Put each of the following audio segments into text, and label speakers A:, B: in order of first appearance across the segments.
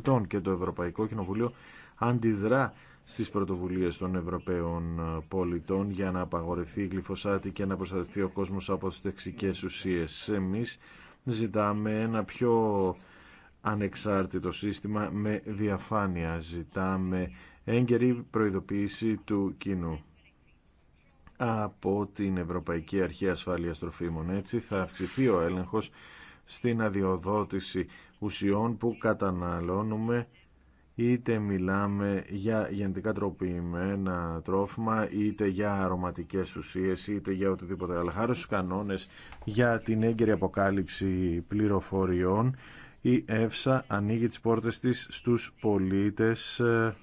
A: πολιτών και το Ευρωπαϊκό Κοινοβουλίο αντιδρά στις πρωτοβουλίες των Ευρωπαίων πολιτών για να απαγορευτεί η γλυφοσάτη και να προστατευτεί ο κόσμος από τις τεξικές ουσίες. Εμείς ζητάμε ένα πιο ανεξάρτητο σύστημα με διαφάνεια. Ζητάμε έγκαιρη προειδοποίηση του κοινού από την Ευρωπαϊκή Αρχή Ασφάλειας Τροφίμων. Έτσι θα αυξηθεί ο έλεγχος στην αδειοδότηση ουσιών που καταναλώνουμε είτε μιλάμε για γενετικά τροποιημένα τρόφιμα, είτε για αρωματικές ουσίες, είτε για οτιδήποτε. άλλο. χάρη στους κανόνες για την έγκαιρη αποκάλυψη πληροφοριών, η ΕΦΣΑ ανοίγει τις πόρτες της στους πολίτες ε,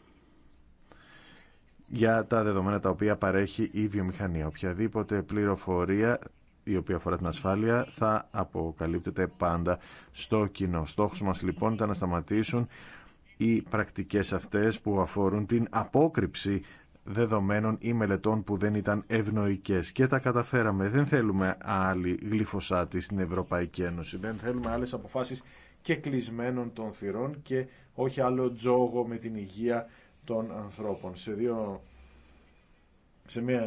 A: για τα δεδομένα τα οποία παρέχει η βιομηχανία. Οποιαδήποτε πληροφορία η οποία αφορά την ασφάλεια θα αποκαλύπτεται πάντα στο κοινό. Στόχος μας λοιπόν ήταν να σταματήσουν οι πρακτικές αυτές που αφορούν την απόκρυψη δεδομένων ή μελετών που δεν ήταν ευνοϊκές και τα καταφέραμε. Δεν θέλουμε άλλη γλυφοσάτη στην Ευρωπαϊκή Ένωση, δεν θέλουμε άλλες αποφάσεις και κλεισμένων των θυρών και όχι άλλο τζόγο με την υγεία των ανθρώπων. Σε δύο... Σε μια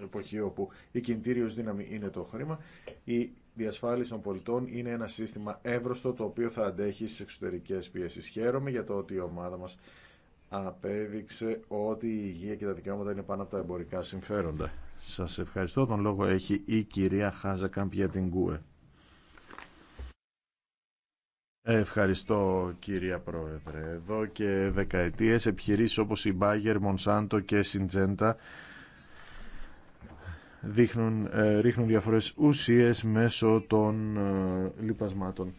A: ε, εποχή όπου η κινητήριος δύναμη είναι το χρήμα, η διασφάλιση των πολιτών είναι ένα σύστημα εύρωστο το οποίο θα αντέχει στις εξωτερικές πίεσεις. Χαίρομαι για το ότι η ομάδα μας απέδειξε ότι η υγεία και τα δικαιώματα είναι πάνω από τα εμπορικά συμφέροντα. Σας ευχαριστώ. Τον λόγο έχει η κυρία Χάζα Κάμπια την Κούε. Ευχαριστώ κυρία Πρόεδρε. Εδώ και δεκαετίες επιχειρήσεις όπως η Bayer, Monsanto και συντζέντα δείχνουν, ε, ρίχνουν διαφορές ουσίες μέσω των ε, λιπασμάτων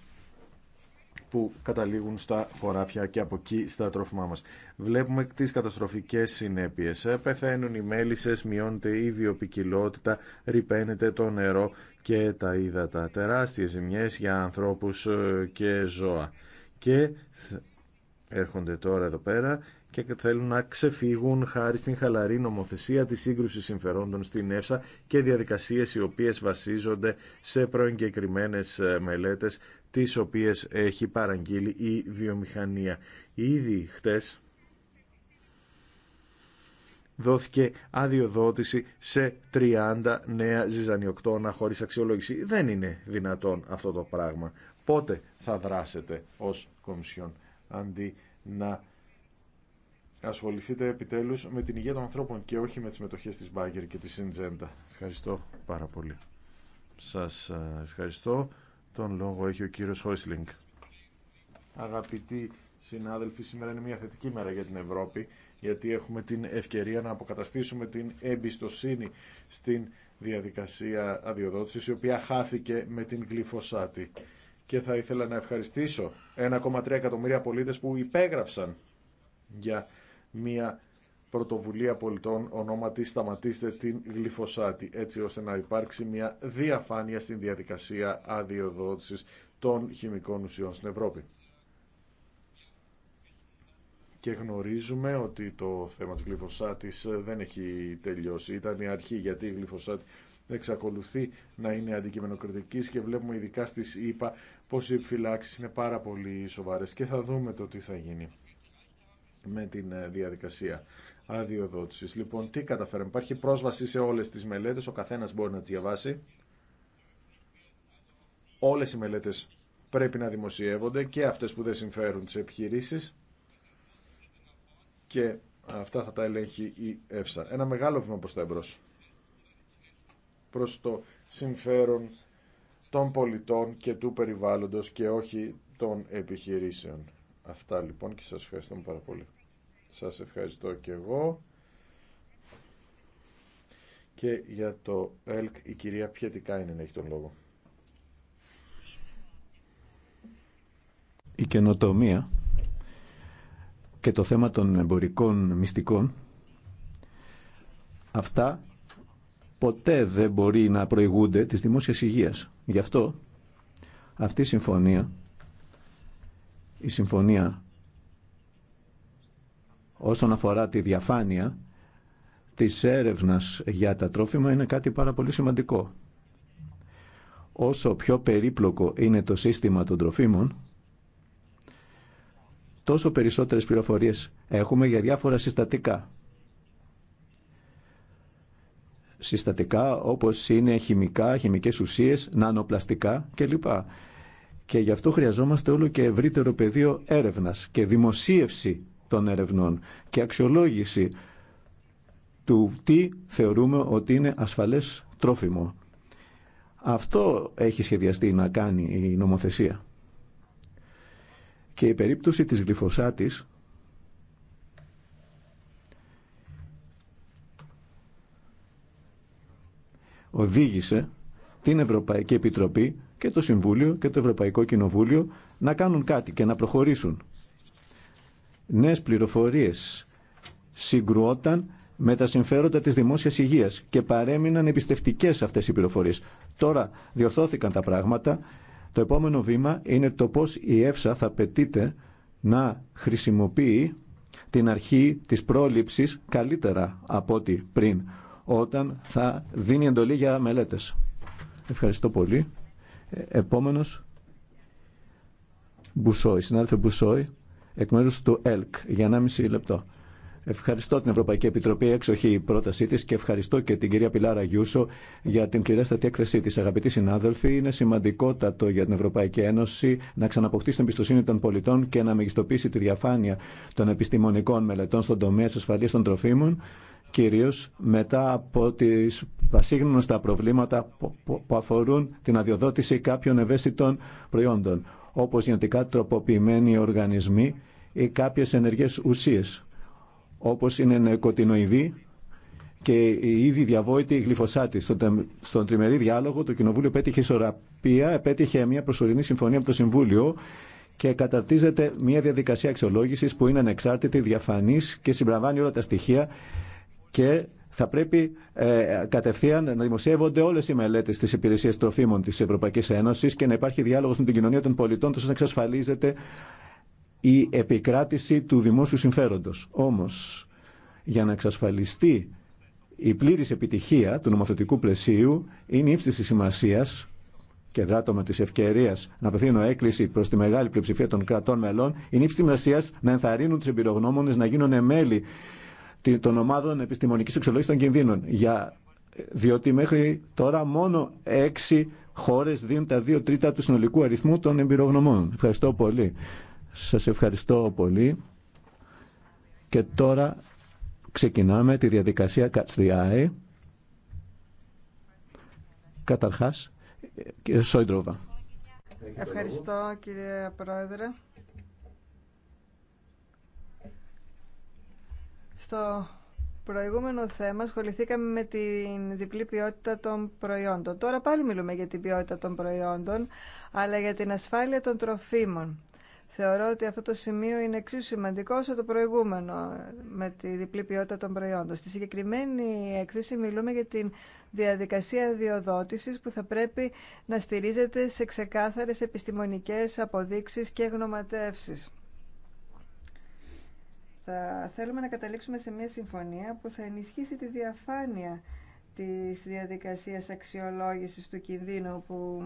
A: που καταλήγουν στα χωράφια και από εκεί στα τρόφιμά μας. Βλέπουμε τις καταστροφικές συνέπειες. Ε, πεθαίνουν οι μέλισσες, μειώνεται η βιοπικιλότητα, ρηπαίνεται το νερό και τα ύδατα. Τεράστιες ζημιές για ανθρώπους και ζώα. Και έρχονται τώρα εδώ πέρα και θέλουν να ξεφύγουν χάρη στην χαλαρή νομοθεσία της σύγκρουσης συμφερόντων στην ΕΦΣΑ και διαδικασίες οι οποίες βασίζονται σε προεγκεκριμένες ε, μελέτες τις οποίες έχει παραγγείλει η βιομηχανία. Ήδη χτες δόθηκε αδειοδότηση σε 30 νέα ζυζανιοκτώνα χωρίς αξιολόγηση. Δεν είναι δυνατόν αυτό το πράγμα. Πότε θα δράσετε ως Κομισιόν αντί να ασχοληθείτε επιτέλους με την υγεία των ανθρώπων και όχι με τις μετοχές της Μπάγκερ και της Συντζέντα. Ευχαριστώ πάρα πολύ. Σας ε, ευχαριστώ. Τον λόγο έχει ο κύριος Χόισλινγκ. Αγαπητοί συνάδελφοι, σήμερα είναι μια θετική μέρα για την Ευρώπη, γιατί έχουμε την ευκαιρία να αποκαταστήσουμε την εμπιστοσύνη στην διαδικασία αδειοδότησης, η οποία χάθηκε με την γλυφοσάτη. Και θα ήθελα να ευχαριστήσω 1,3 εκατομμύρια πολίτες που υπέγραψαν για μία πρωτοβουλία πολιτών ονόματι «Σταματήστε την γλυφοσάτη» έτσι ώστε να υπάρξει μια διαφάνεια στην διαδικασία αδειοδότησης των χημικών ουσιών στην Ευρώπη. Και γνωρίζουμε ότι το θέμα της γλυφοσάτης δεν έχει τελειώσει. Ήταν η αρχή γιατί η γλυφοσάτη εξακολουθεί να είναι αντικειμενοκριτικής και βλέπουμε ειδικά στις ΗΠΑ πως οι επιφυλάξεις είναι πάρα πολύ σοβαρές και θα δούμε το τι θα γίνει με την ε, διαδικασία αδειοδότησης. Λοιπόν, τι καταφέραμε. Υπάρχει πρόσβαση σε όλες τις μελέτες, ο καθένας μπορεί να τις διαβάσει. Όλες οι μελέτες πρέπει να δημοσιεύονται και αυτές που δεν συμφέρουν τις επιχειρήσεις και αυτά θα τα ελέγχει η ΕΦΣΑ. Ένα μεγάλο βήμα προς τα εμπρός. Προς το συμφέρον των πολιτών και του περιβάλλοντος και όχι των επιχειρήσεων. Αυτά λοιπόν και σας ευχαριστούμε πάρα πολύ. Σας ευχαριστώ και εγώ. Και για το ΕΛΚ η κυρία Πιετικά είναι να έχει τον λόγο.
B: Η καινοτομία και το θέμα των εμπορικών μυστικών αυτά ποτέ δεν μπορεί να προηγούνται της δημόσιας υγείας. Γι' αυτό αυτή η συμφωνία η συμφωνία όσον αφορά τη διαφάνεια της έρευνας για τα τρόφιμα είναι κάτι πάρα πολύ σημαντικό. Όσο πιο περίπλοκο είναι το σύστημα των τροφίμων, τόσο περισσότερες πληροφορίες έχουμε για διάφορα συστατικά. Συστατικά όπως είναι χημικά, χημικές ουσίες, νανοπλαστικά κλπ. Και γι' αυτό χρειαζόμαστε όλο και ευρύτερο πεδίο έρευνας και δημοσίευση των ερευνών και αξιολόγηση του τι θεωρούμε ότι είναι ασφαλές τρόφιμο. Αυτό έχει σχεδιαστεί να κάνει η νομοθεσία. Και η περίπτωση της γλυφοσάτης οδήγησε την Ευρωπαϊκή Επιτροπή και το Συμβούλιο και το Ευρωπαϊκό Κοινοβούλιο να κάνουν κάτι και να προχωρήσουν νέες πληροφορίες συγκρουόταν με τα συμφέροντα της δημόσιας υγείας και παρέμειναν εμπιστευτικές αυτές οι πληροφορίες. Τώρα διορθώθηκαν τα πράγματα. Το επόμενο βήμα είναι το πώς η ΕΦΣΑ θα απαιτείται να χρησιμοποιεί την αρχή της πρόληψης καλύτερα από ό,τι πριν, όταν θα δίνει εντολή για μελέτες. Ευχαριστώ πολύ. Ε, επόμενος, Μπουσόη, συνάδελφε Μπουσόη εκ μέρου του ΕΛΚ για 1,5 λεπτό. Ευχαριστώ την Ευρωπαϊκή Επιτροπή, έξοχη η πρότασή τη και ευχαριστώ και την κυρία Πιλάρα Γιούσο για την πληρέστατη έκθεσή τη. Αγαπητοί συνάδελφοι, είναι σημαντικότατο για την Ευρωπαϊκή Ένωση να ξαναποκτήσει την εμπιστοσύνη των πολιτών και να μεγιστοποιήσει τη διαφάνεια των επιστημονικών μελετών στον τομέα τη ασφαλεία των τροφίμων, κυρίω μετά από τι πασίγνωστα προβλήματα που αφορούν την αδειοδότηση κάποιων ευαίσθητων προϊόντων, όπω γενετικά τροποποιημένοι οργανισμοί ή κάποιες ενεργές ουσίες, όπως είναι νεκοτινοειδή και η ήδη διαβόητη γλυφοσάτη. Στον τριμερή διάλογο το Κοινοβούλιο πέτυχε ισορραπία, επέτυχε μια προσωρινή συμφωνία από το Συμβούλιο και καταρτίζεται μια διαδικασία αξιολόγησης που είναι ανεξάρτητη, διαφανής και συμπραβάνει όλα τα στοιχεία και θα πρέπει ε, κατευθείαν να δημοσιεύονται όλε οι μελέτε τη Υπηρεσία Τροφίμων τη Ευρωπαϊκή Ένωση και να υπάρχει διάλογο με την κοινωνία των πολιτών, τόσο να εξασφαλίζεται η επικράτηση του δημόσιου συμφέροντος. Όμως, για να εξασφαλιστεί η πλήρης επιτυχία του νομοθετικού πλαισίου είναι ύψη τη σημασία και δράτωμα τη ευκαιρία να απευθύνω έκκληση προ τη μεγάλη πλειοψηφία των κρατών μελών, είναι ύψη σημασία να ενθαρρύνουν του εμπειρογνώμονε να γίνουν μέλη των ομάδων επιστημονική εξολόγηση των κινδύνων. Για... Διότι μέχρι τώρα μόνο έξι χώρε δίνουν τα δύο τρίτα του συνολικού αριθμού των εμπειρογνωμών. Ευχαριστώ πολύ. Σας ευχαριστώ πολύ. Και τώρα ξεκινάμε τη διαδικασία Catch the Eye. Καταρχάς, κύριε Σόιντροβα.
C: Ευχαριστώ κύριε Πρόεδρε. Στο προηγούμενο θέμα ασχοληθήκαμε με την διπλή ποιότητα των προϊόντων. Τώρα πάλι μιλούμε για την ποιότητα των προϊόντων, αλλά για την ασφάλεια των τροφίμων. Θεωρώ ότι αυτό το σημείο είναι εξίσου σημαντικό όσο το προηγούμενο με τη διπλή ποιότητα των προϊόντων. Στη συγκεκριμένη έκθεση μιλούμε για τη διαδικασία διοδότησης που θα πρέπει να στηρίζεται σε ξεκάθαρες επιστημονικές αποδείξεις και γνωματεύσεις. Θα θέλουμε να καταλήξουμε σε μια συμφωνία που θα ενισχύσει τη διαφάνεια της διαδικασίας αξιολόγησης του κινδύνου που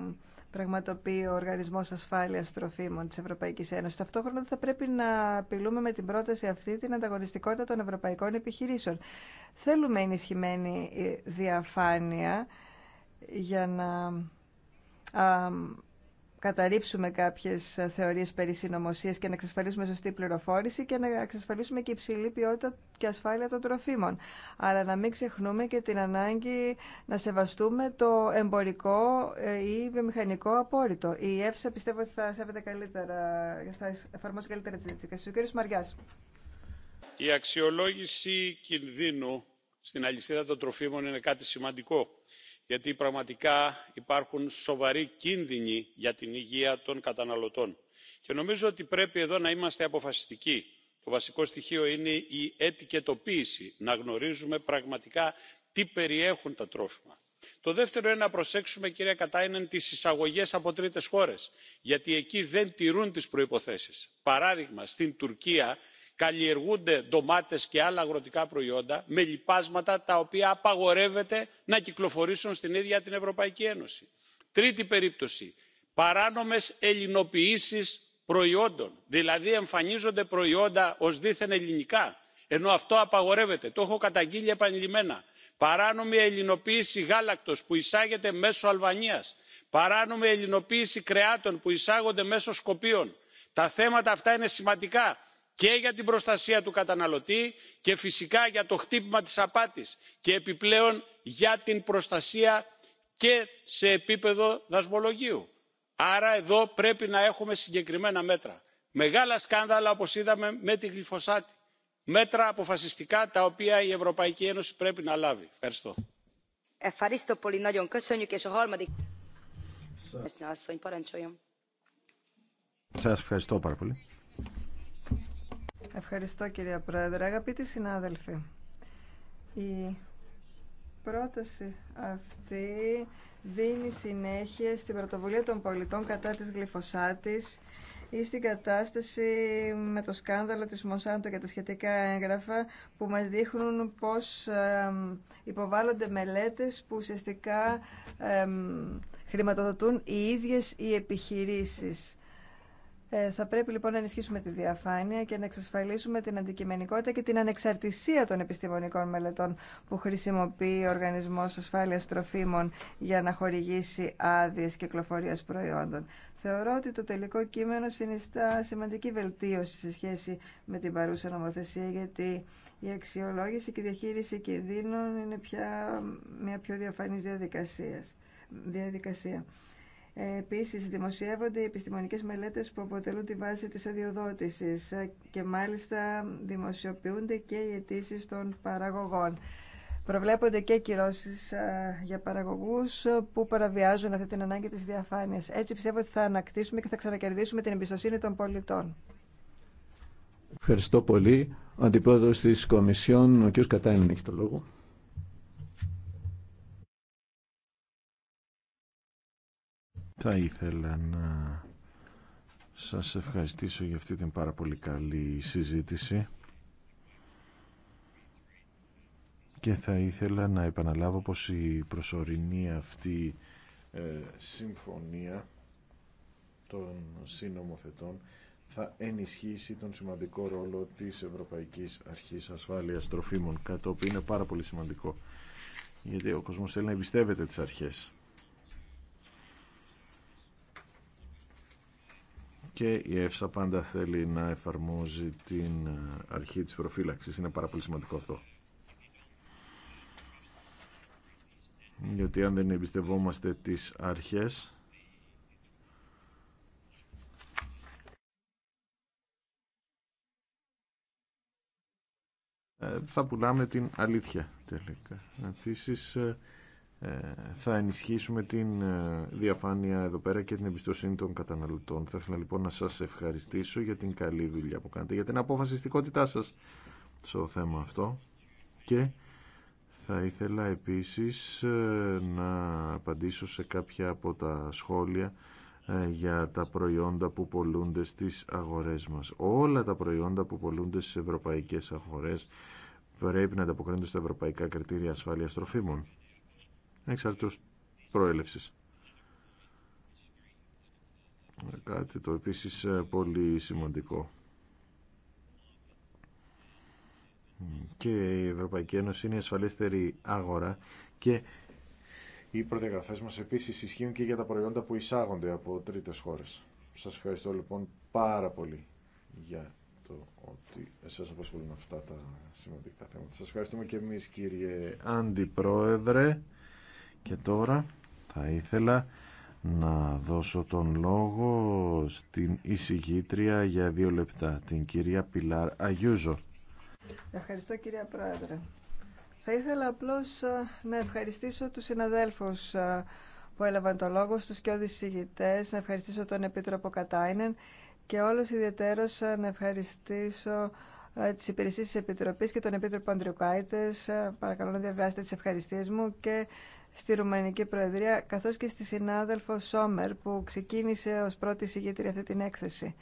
C: πραγματοποιεί ο Οργανισμός Ασφάλειας Τροφίμων της Ευρωπαϊκής Ένωσης. Ταυτόχρονα θα πρέπει να απειλούμε με την πρόταση αυτή την ανταγωνιστικότητα των ευρωπαϊκών επιχειρήσεων. Θέλουμε ενισχυμένη ε, διαφάνεια για να καταρρύψουμε κάποιες θεωρίες περί συνωμοσία και να εξασφαλίσουμε σωστή πληροφόρηση και να εξασφαλίσουμε και υψηλή ποιότητα και ασφάλεια των τροφίμων. Αλλά να μην ξεχνούμε και την ανάγκη να σεβαστούμε το εμπορικό ε, ή βιομηχανικό απόρριτο. Η ΕΦΣΑ πιστεύω ότι θα σέβεται καλύτερα, θα εφαρμόσει καλύτερα τι διαδικασίες. Ο κ. Μαριάς.
D: Η αξιολόγηση κινδύνου στην αλυσίδα των τροφίμων είναι κάτι σημαντικό γιατί πραγματικά υπάρχουν σοβαροί κίνδυνοι για την υγεία των καταναλωτών και νομίζω ότι πρέπει εδώ να είμαστε αποφασιστικοί. το βασικό στοιχείο είναι η ετικετοποίηση να γνωρίζουμε πραγματικά τι περιέχουν τα τρόφιμα. το δεύτερο είναι να προσέξουμε κυρία κατάινεν τις εισαγωγές από τρίτες χώρες γιατί εκεί δεν τηρούν τις προϋποθέσεις. παράδειγμα στην τουρκία καλλιεργούνται ντομάτες και άλλα αγροτικά προϊόντα με λιπάσματα τα οποία απαγορεύεται να κυκλοφορήσουν στην ίδια την ευρωπαϊκή ένωση. τρίτη περίπτωση παράνομες ελληνοποιήσεις προϊόντων δηλαδή εμφανίζονται προϊόντα ως δήθεν ελληνικά ενώ αυτό απαγορεύεται το έχω καταγγείλει επανειλημμένα παράνομη ελληνοποίηση γάλακτος που εισάγεται μέσω αλβανίας παράνομη ελληνοποίηση κρεάτων που εισάγονται μέσω σκοπίων. τα θέματα αυτά είναι σημαντικά και για την προστασία του καταναλωτή και φυσικά για το χτύπημα της απάτης και επιπλέον για την προστασία και σε επίπεδο δασμολογίου. άρα εδώ πρέπει να έχουμε συγκεκριμένα μέτρα. μεγάλα σκάνδαλα όπως είδαμε με τη γλυφοσάτη μέτρα αποφασιστικά τα οποία η ευρωπαϊκή ένωση πρέπει να λάβει. ευχαριστώ.
A: Σας ευχαριστώ πάρα πολύ.
C: Ευχαριστώ κυρία Πρόεδρε. Αγαπητοί συνάδελφοι, η πρόταση αυτή δίνει συνέχεια στην πρωτοβουλία των πολιτών κατά της γλυφοσάτης ή στην κατάσταση με το σκάνδαλο της Μοσάντο και τα σχετικά έγγραφα που μας δείχνουν πώς υποβάλλονται μελέτες που ουσιαστικά χρηματοδοτούν οι ίδιες οι επιχειρήσεις ε, θα πρέπει λοιπόν να ενισχύσουμε τη διαφάνεια και να εξασφαλίσουμε την αντικειμενικότητα και την ανεξαρτησία των επιστημονικών μελετών που χρησιμοποιεί ο Οργανισμός Ασφάλειας Τροφίμων για να χορηγήσει άδειε κυκλοφορία προϊόντων. Θεωρώ ότι το τελικό κείμενο συνιστά σημαντική βελτίωση σε σχέση με την παρούσα νομοθεσία γιατί η αξιολόγηση και η διαχείριση κινδύνων είναι πια μια πιο διαφανής διαδικασία. Ε, Επίση, δημοσιεύονται οι επιστημονικές μελέτες που αποτελούν τη βάση τη αδειοδότηση ε, και μάλιστα δημοσιοποιούνται και οι αιτήσει των παραγωγών. Προβλέπονται και κυρώσεις ε, για παραγωγούς που παραβιάζουν αυτή την ανάγκη της διαφάνειας. Έτσι πιστεύω ότι θα ανακτήσουμε και θα ξανακερδίσουμε την εμπιστοσύνη των πολιτών.
B: Ευχαριστώ πολύ. Ο αντιπρόεδρο τη Κομισιόν, ο κ. Κατάνιν, έχει το λόγο.
A: Θα ήθελα να σας ευχαριστήσω για αυτή την πάρα πολύ καλή συζήτηση και θα ήθελα να επαναλάβω πως η προσωρινή αυτή ε, συμφωνία των συνομοθετών θα ενισχύσει τον σημαντικό ρόλο της Ευρωπαϊκής Αρχής Ασφάλειας Τροφίμων, κάτι το οποίο είναι πάρα πολύ σημαντικό, γιατί ο κόσμος θέλει να εμπιστεύεται τις αρχές. και η ΕΦΣΑ πάντα θέλει να εφαρμόζει την ε, αρχή της προφύλαξης. Είναι πάρα πολύ σημαντικό αυτό. Γιατί αν δεν εμπιστευόμαστε τις αρχές... Ε, θα πουλάμε την αλήθεια τελικά. Επίσης, ε, ε, θα ενισχύσουμε την ε, διαφάνεια εδώ πέρα και την εμπιστοσύνη των καταναλωτών. Θα ήθελα λοιπόν να σας ευχαριστήσω για την καλή δουλειά που κάνετε, για την αποφασιστικότητά σας στο θέμα αυτό και θα ήθελα επίσης ε, να απαντήσω σε κάποια από τα σχόλια για τα προϊόντα που πολλούνται στις αγορές μας. Όλα τα προϊόντα που πολλούνται στις ευρωπαϊκές αγορές πρέπει να ανταποκρίνονται στα ευρωπαϊκά κριτήρια ασφάλειας τροφίμων εξαρτήτως προέλευσης. Κάτι το επίσης ε, πολύ σημαντικό. Και η Ευρωπαϊκή Ένωση είναι η ασφαλέστερη αγορά και οι προδιαγραφές μας επίσης ισχύουν και για τα προϊόντα που εισάγονται από τρίτες χώρες. Σας ευχαριστώ λοιπόν πάρα πολύ για το ότι σας απασχολούν αυτά τα σημαντικά θέματα. Σας ευχαριστούμε και εμείς κύριε Αντιπρόεδρε. Και τώρα θα ήθελα να δώσω τον λόγο στην εισηγήτρια για δύο λεπτά, την κυρία Πιλάρ Αγιούζο.
C: Ευχαριστώ κυρία Πρόεδρε. Θα ήθελα απλώς ε, να ευχαριστήσω τους συναδέλφους ε, που έλαβαν το λόγο, στους και οδησηγητές, να ευχαριστήσω τον Επίτροπο Κατάινεν και όλους ιδιαίτερως ε, να ευχαριστήσω τις υπηρεσίες της Επιτροπής και τον Επίτροπο Αντριουκάητες. Παρακαλώ να διαβάσετε τις ευχαριστίες μου και στη Ρουμανική Προεδρία, καθώς και στη συνάδελφο Σόμερ που ξεκίνησε ω πρώτη συγγετήρια αυτή την έκθεση.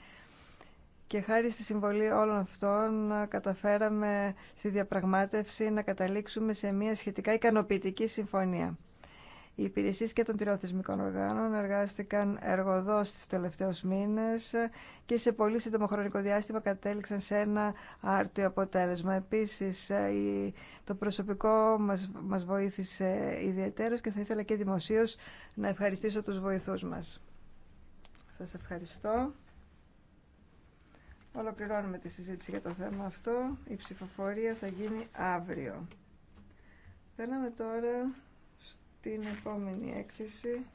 C: Και χάρη στη συμβολή όλων αυτών καταφέραμε στη διαπραγμάτευση να καταλήξουμε σε μια σχετικά ικανοποιητική συμφωνία. Οι υπηρεσίες και των τριών οργάνων εργάστηκαν εργοδό τις τελευταίες μήνες και σε πολύ σύντομο χρονικό διάστημα κατέληξαν σε ένα άρτιο αποτέλεσμα. Επίσης, ε, το προσωπικό μας, μας βοήθησε ιδιαίτερω και θα ήθελα και δημοσίω να ευχαριστήσω τους βοηθούς μας. Σας ευχαριστώ. Ολοκληρώνουμε τη συζήτηση για το θέμα αυτό. Η ψηφοφορία θα γίνει αύριο. τώρα την επόμενη έκθεση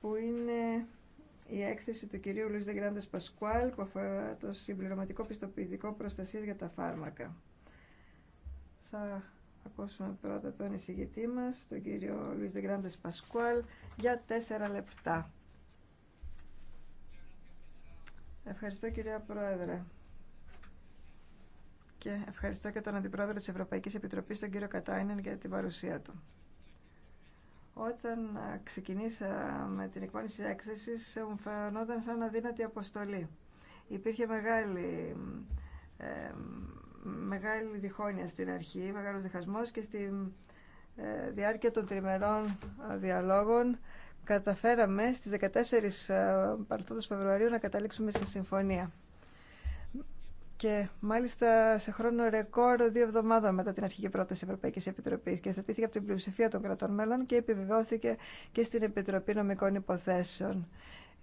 C: που είναι η έκθεση του κυρίου Λουίς Δεγκράντες Πασκουάλ που αφορά το συμπληρωματικό πιστοποιητικό προστασίας για τα φάρμακα. Θα ακούσουμε πρώτα τον εισηγητή μας, τον κύριο Λουίς Δεγκράντες Πασκουάλ, για τέσσερα λεπτά. Ευχαριστώ κυρία Πρόεδρε. Και ευχαριστώ και τον Αντιπρόεδρο της Ευρωπαϊκής Επιτροπής, τον κύριο Κατάινεν, για την παρουσία του. Όταν ε, ξεκινήσαμε την εκπάνηση της έκθεσης μου φαινόταν σαν αδύνατη αποστολή. Υπήρχε μεγάλη, ε, μεγάλη διχόνοια στην αρχή, μεγάλος διχασμός και στη ε, διάρκεια των τριμερών ε, διαλόγων καταφέραμε στις 14 ε, Παρθόντος Φεβρουαρίου να καταλήξουμε σε συμφωνία και μάλιστα σε χρόνο ρεκόρ δύο εβδομάδων μετά την αρχική πρόταση Ευρωπαϊκή Επιτροπή και θετήθηκε από την πλειοψηφία των κρατών μέλων και επιβεβαιώθηκε και στην Επιτροπή Νομικών Υποθέσεων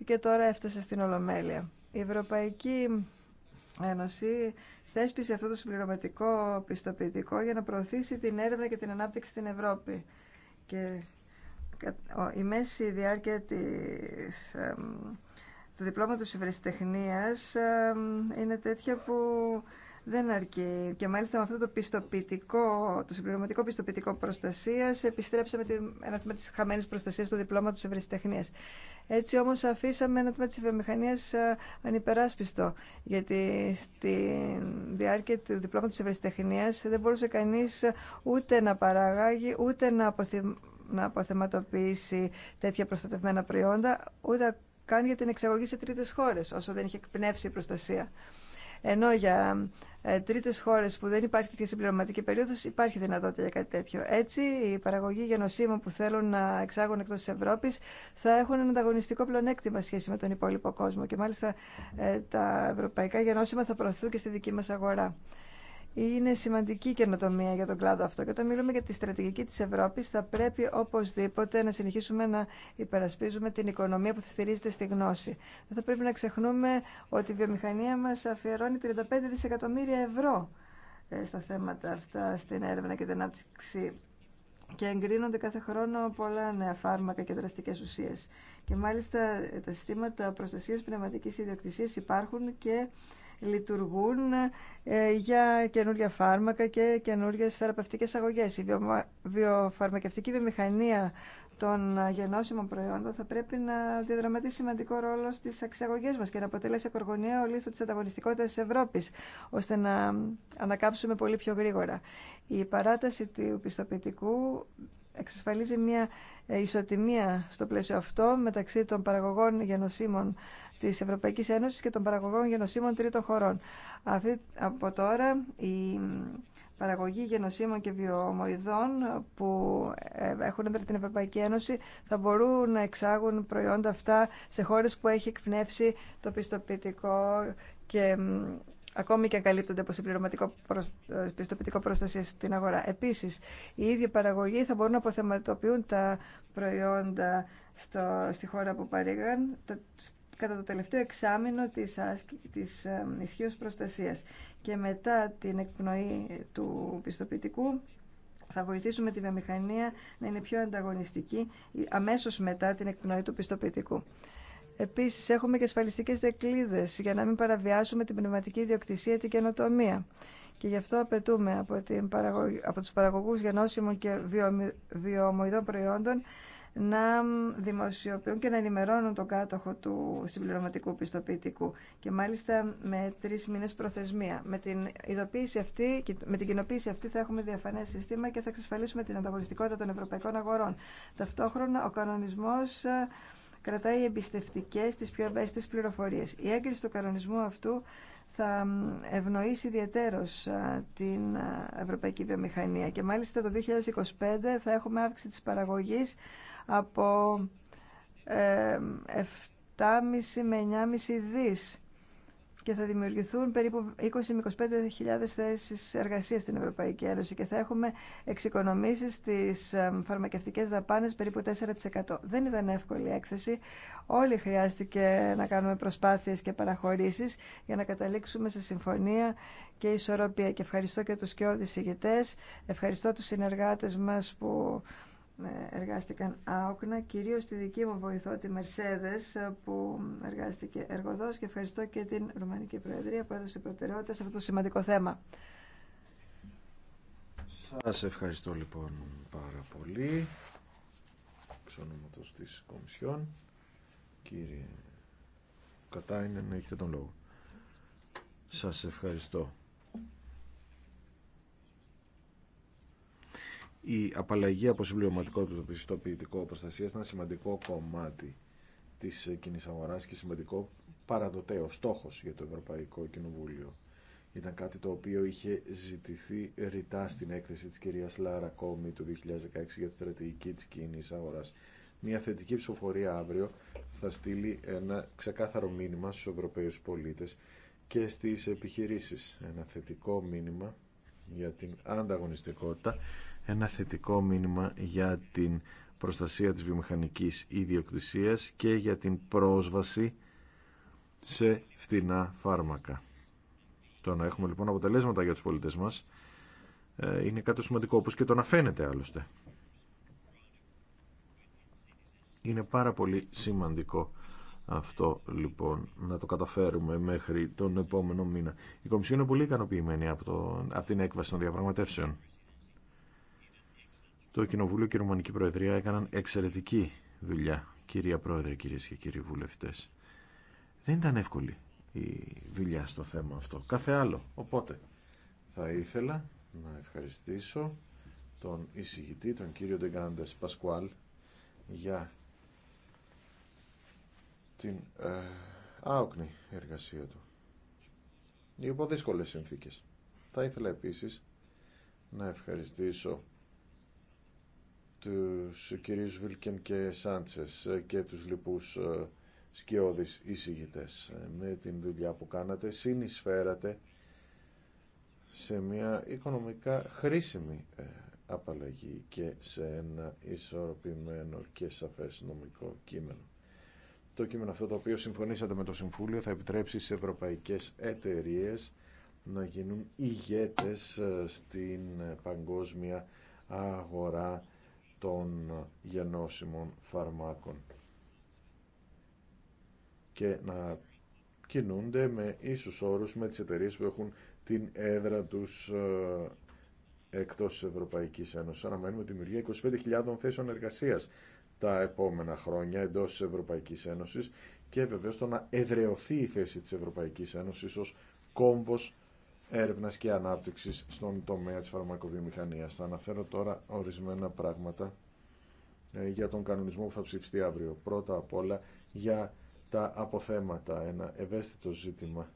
C: και τώρα έφτασε στην Ολομέλεια. Η Ευρωπαϊκή Ένωση θέσπισε αυτό το συμπληρωματικό πιστοποιητικό για να προωθήσει την έρευνα και την ανάπτυξη στην Ευρώπη. Και η μέση διάρκεια της το διπλώμα του ευρεσιτεχνία είναι τέτοια που δεν αρκεί. Και μάλιστα με αυτό το πιστοποιητικό, το συμπληρωματικό πιστοποιητικό προστασία, επιστρέψαμε τη, ένα τμήμα τη χαμένη προστασία στο διπλώμα του ευρεσιτεχνία. Έτσι όμω αφήσαμε ένα τμήμα τη βιομηχανία ε, ανυπεράσπιστο. Γιατί στη διάρκεια του διπλώματο ευρεσιτεχνία δεν μπορούσε κανεί ε, ούτε να παραγάγει, ούτε να να αποθεματοποιήσει τέτοια προστατευμένα προϊόντα, ούτε καν για την εξαγωγή σε τρίτες χώρες, όσο δεν είχε εκπνεύσει η προστασία. Ενώ για ε, τρίτες χώρες που δεν υπάρχει τέτοια συμπληρωματική περίοδος, υπάρχει δυνατότητα για κάτι τέτοιο. Έτσι, οι παραγωγοί γενοσύμων που θέλουν να εξάγουν εκτός τη Ευρώπη θα έχουν ένα ανταγωνιστικό πλεονέκτημα σχέση με τον υπόλοιπο κόσμο. Και μάλιστα ε, τα ευρωπαϊκά γενόσύμα θα προωθούν και στη δική μας αγορά. Είναι σημαντική καινοτομία για τον κλάδο αυτό. Και όταν μιλούμε για τη στρατηγική τη Ευρώπη. θα πρέπει οπωσδήποτε να συνεχίσουμε να υπερασπίζουμε την οικονομία που θα στηρίζεται στη γνώση. Δεν θα πρέπει να ξεχνούμε ότι η βιομηχανία μα αφιερώνει 35 δισεκατομμύρια ευρώ ε, στα θέματα αυτά, στην έρευνα και την ανάπτυξη και εγκρίνονται κάθε χρόνο πολλά νέα φάρμακα και δραστικέ ουσίε. Και μάλιστα ε, τα συστήματα προστασία πνευματική ιδιοκτησία υπάρχουν και λειτουργούν ε, για καινούργια φάρμακα και καινούργιες θεραπευτικές αγωγές. Η βιοφαρμακευτική βιομηχανία των ε, γενώσιμων προϊόντων θα πρέπει να διαδραματίσει σημαντικό ρόλο στις αξιαγωγές μας και να αποτελέσει ακοργωνιαίο ολίθο της ανταγωνιστικότητας της Ευρώπης, ώστε να ανακάψουμε πολύ πιο γρήγορα. Η παράταση του πιστοποιητικού εξασφαλίζει μια ε, ισοτιμία στο πλαίσιο αυτό μεταξύ των παραγωγών γενοσύμων τη Ευρωπαϊκή Ένωση και των παραγωγών γενοσύμων τρίτων χωρών. Αυτή, από τώρα η παραγωγή γενοσύμων και βιομοειδών που ε, έχουν έμπρεπε την Ευρωπαϊκή Ένωση θα μπορούν να εξάγουν προϊόντα αυτά σε χώρες που έχει εκπνεύσει το πιστοποιητικό και ακόμη και αν καλύπτονται από συμπληρωματικό ε, πιστοποιητικό προστασία στην αγορά. Επίση, οι ίδιοι παραγωγοί θα μπορούν να αποθεματοποιούν τα προϊόντα στη χώρα που παρήγαν, τα, κατά το τελευταίο εξάμεινο της, της ισχύω προστασίας και μετά την εκπνοή του πιστοποιητικού θα βοηθήσουμε τη βιομηχανία να είναι πιο ανταγωνιστική ε, αμέσως μετά την εκπνοή του πιστοποιητικού. Επίσης, έχουμε και ασφαλιστικές δεκλίδες για να μην παραβιάσουμε την πνευματική ιδιοκτησία την καινοτομία. Και γι' αυτό απαιτούμε από, την από τους παραγωγούς και βιομοιδών προϊόντων να δημοσιοποιούν και να ενημερώνουν τον κάτοχο του συμπληρωματικού πιστοποιητικού και μάλιστα με τρεις μήνες προθεσμία. Με την, ειδοποίηση αυτή, με την κοινοποίηση αυτή θα έχουμε διαφανές συστήμα και θα εξασφαλίσουμε την ανταγωνιστικότητα των ευρωπαϊκών αγορών. Ταυτόχρονα ο κανονισμός ε, κρατάει εμπιστευτικέ τις πιο ευαίσθητες πληροφορίες. Η έγκριση του κανονισμού αυτού θα ευνοήσει ιδιαίτερως ε, την ε, ευρωπαϊκή βιομηχανία και μάλιστα το 2025 θα έχουμε αύξηση της παραγωγής από 7,5 με 9,5 δις και θα δημιουργηθούν περίπου 20 με 25.000 θέσεις εργασίας στην Ευρωπαϊκή Ένωση και θα έχουμε εξοικονομήσεις στις φαρμακευτικές δαπάνες περίπου 4%. Δεν ήταν εύκολη έκθεση. Όλοι χρειάστηκε να κάνουμε προσπάθειες και παραχωρήσεις για να καταλήξουμε σε συμφωνία και ισορροπία. Και ευχαριστώ και τους και ηγητές. Ευχαριστώ τους συνεργάτες μας που ε, εργάστηκαν άοκνα, κυρίως τη δική μου βοηθό, τη Μερσέδες, που εργάστηκε εργοδός και ευχαριστώ και την Ρουμανική Προεδρία που έδωσε προτεραιότητα σε αυτό το σημαντικό θέμα.
A: Σας ευχαριστώ λοιπόν πάρα πολύ. Εξ ονόματος της Κομισιόν. Κύριε Κατάινεν, έχετε τον λόγο. Σας ευχαριστώ. η απαλλαγή από συμπληρωματικό πιστοποιητικό προστασία ήταν σημαντικό κομμάτι τη κοινή αγορά και σημαντικό παραδοτέο στόχο για το Ευρωπαϊκό Κοινοβούλιο. Ήταν κάτι το οποίο είχε ζητηθεί ρητά στην έκθεση τη κυρία Λάρα Κόμι του 2016 για τη στρατηγική τη κοινή αγορά. Μια θετική ψηφοφορία αύριο θα στείλει ένα ξεκάθαρο μήνυμα στου Ευρωπαίου πολίτε και στι επιχειρήσει. Ένα θετικό μήνυμα για την ανταγωνιστικότητα ένα θετικό μήνυμα για την προστασία της βιομηχανικής ιδιοκτησίας και για την πρόσβαση σε φτηνά φάρμακα. Το να έχουμε λοιπόν αποτελέσματα για τους πολίτες μας ε, είναι κάτι σημαντικό, όπως και το να φαίνεται άλλωστε. Είναι πάρα πολύ σημαντικό αυτό λοιπόν να το καταφέρουμε μέχρι τον επόμενο μήνα. Η Κομισιόν είναι πολύ ικανοποιημένη από, από την έκβαση των διαπραγματεύσεων το Κοινοβούλιο και η Ρουμανική Προεδρία έκαναν εξαιρετική δουλειά, κυρία Πρόεδρε, κυρίε και κύριοι βουλευτέ. Δεν ήταν εύκολη η δουλειά στο θέμα αυτό. Κάθε άλλο. Οπότε θα ήθελα να ευχαριστήσω τον εισηγητή, τον κύριο Ντεγκάντε Πασκουάλ, για την ε, άοκνη εργασία του. Υπό δύσκολε συνθήκες. Θα ήθελα επίση να ευχαριστήσω τους κυρίους Βίλκεν και Σάντσες και τους λοιπούς ε, σκιώδεις εισηγητές. Ε, με την δουλειά που κάνατε συνεισφέρατε σε μια οικονομικά χρήσιμη ε, απαλλαγή και σε ένα ισορροπημένο και σαφές νομικό κείμενο. Το κείμενο αυτό το οποίο συμφωνήσατε με το Συμφούλιο θα επιτρέψει σε ευρωπαϊκές εταιρείες να γίνουν ηγέτες στην παγκόσμια αγορά των γεννόσιμων φαρμάκων και να κινούνται με ίσους όρους με τις εταιρείες που έχουν την έδρα τους ε, εκτός της Ευρωπαϊκής Ένωσης. Αναμένουμε τη δημιουργία 25.000 θέσεων εργασίας τα επόμενα χρόνια εντός της Ευρωπαϊκής Ένωσης και βεβαίως το να εδρεωθεί η θέση της Ευρωπαϊκής Ένωσης ως κόμβος Έρευνα και ανάπτυξη στον τομέα της φαρμακοβιομηχανίας. Θα αναφέρω τώρα ορισμένα πράγματα ε, για τον κανονισμό που θα ψηφιστεί αύριο. Πρώτα απ' όλα για τα αποθέματα, ένα ευαίσθητο ζήτημα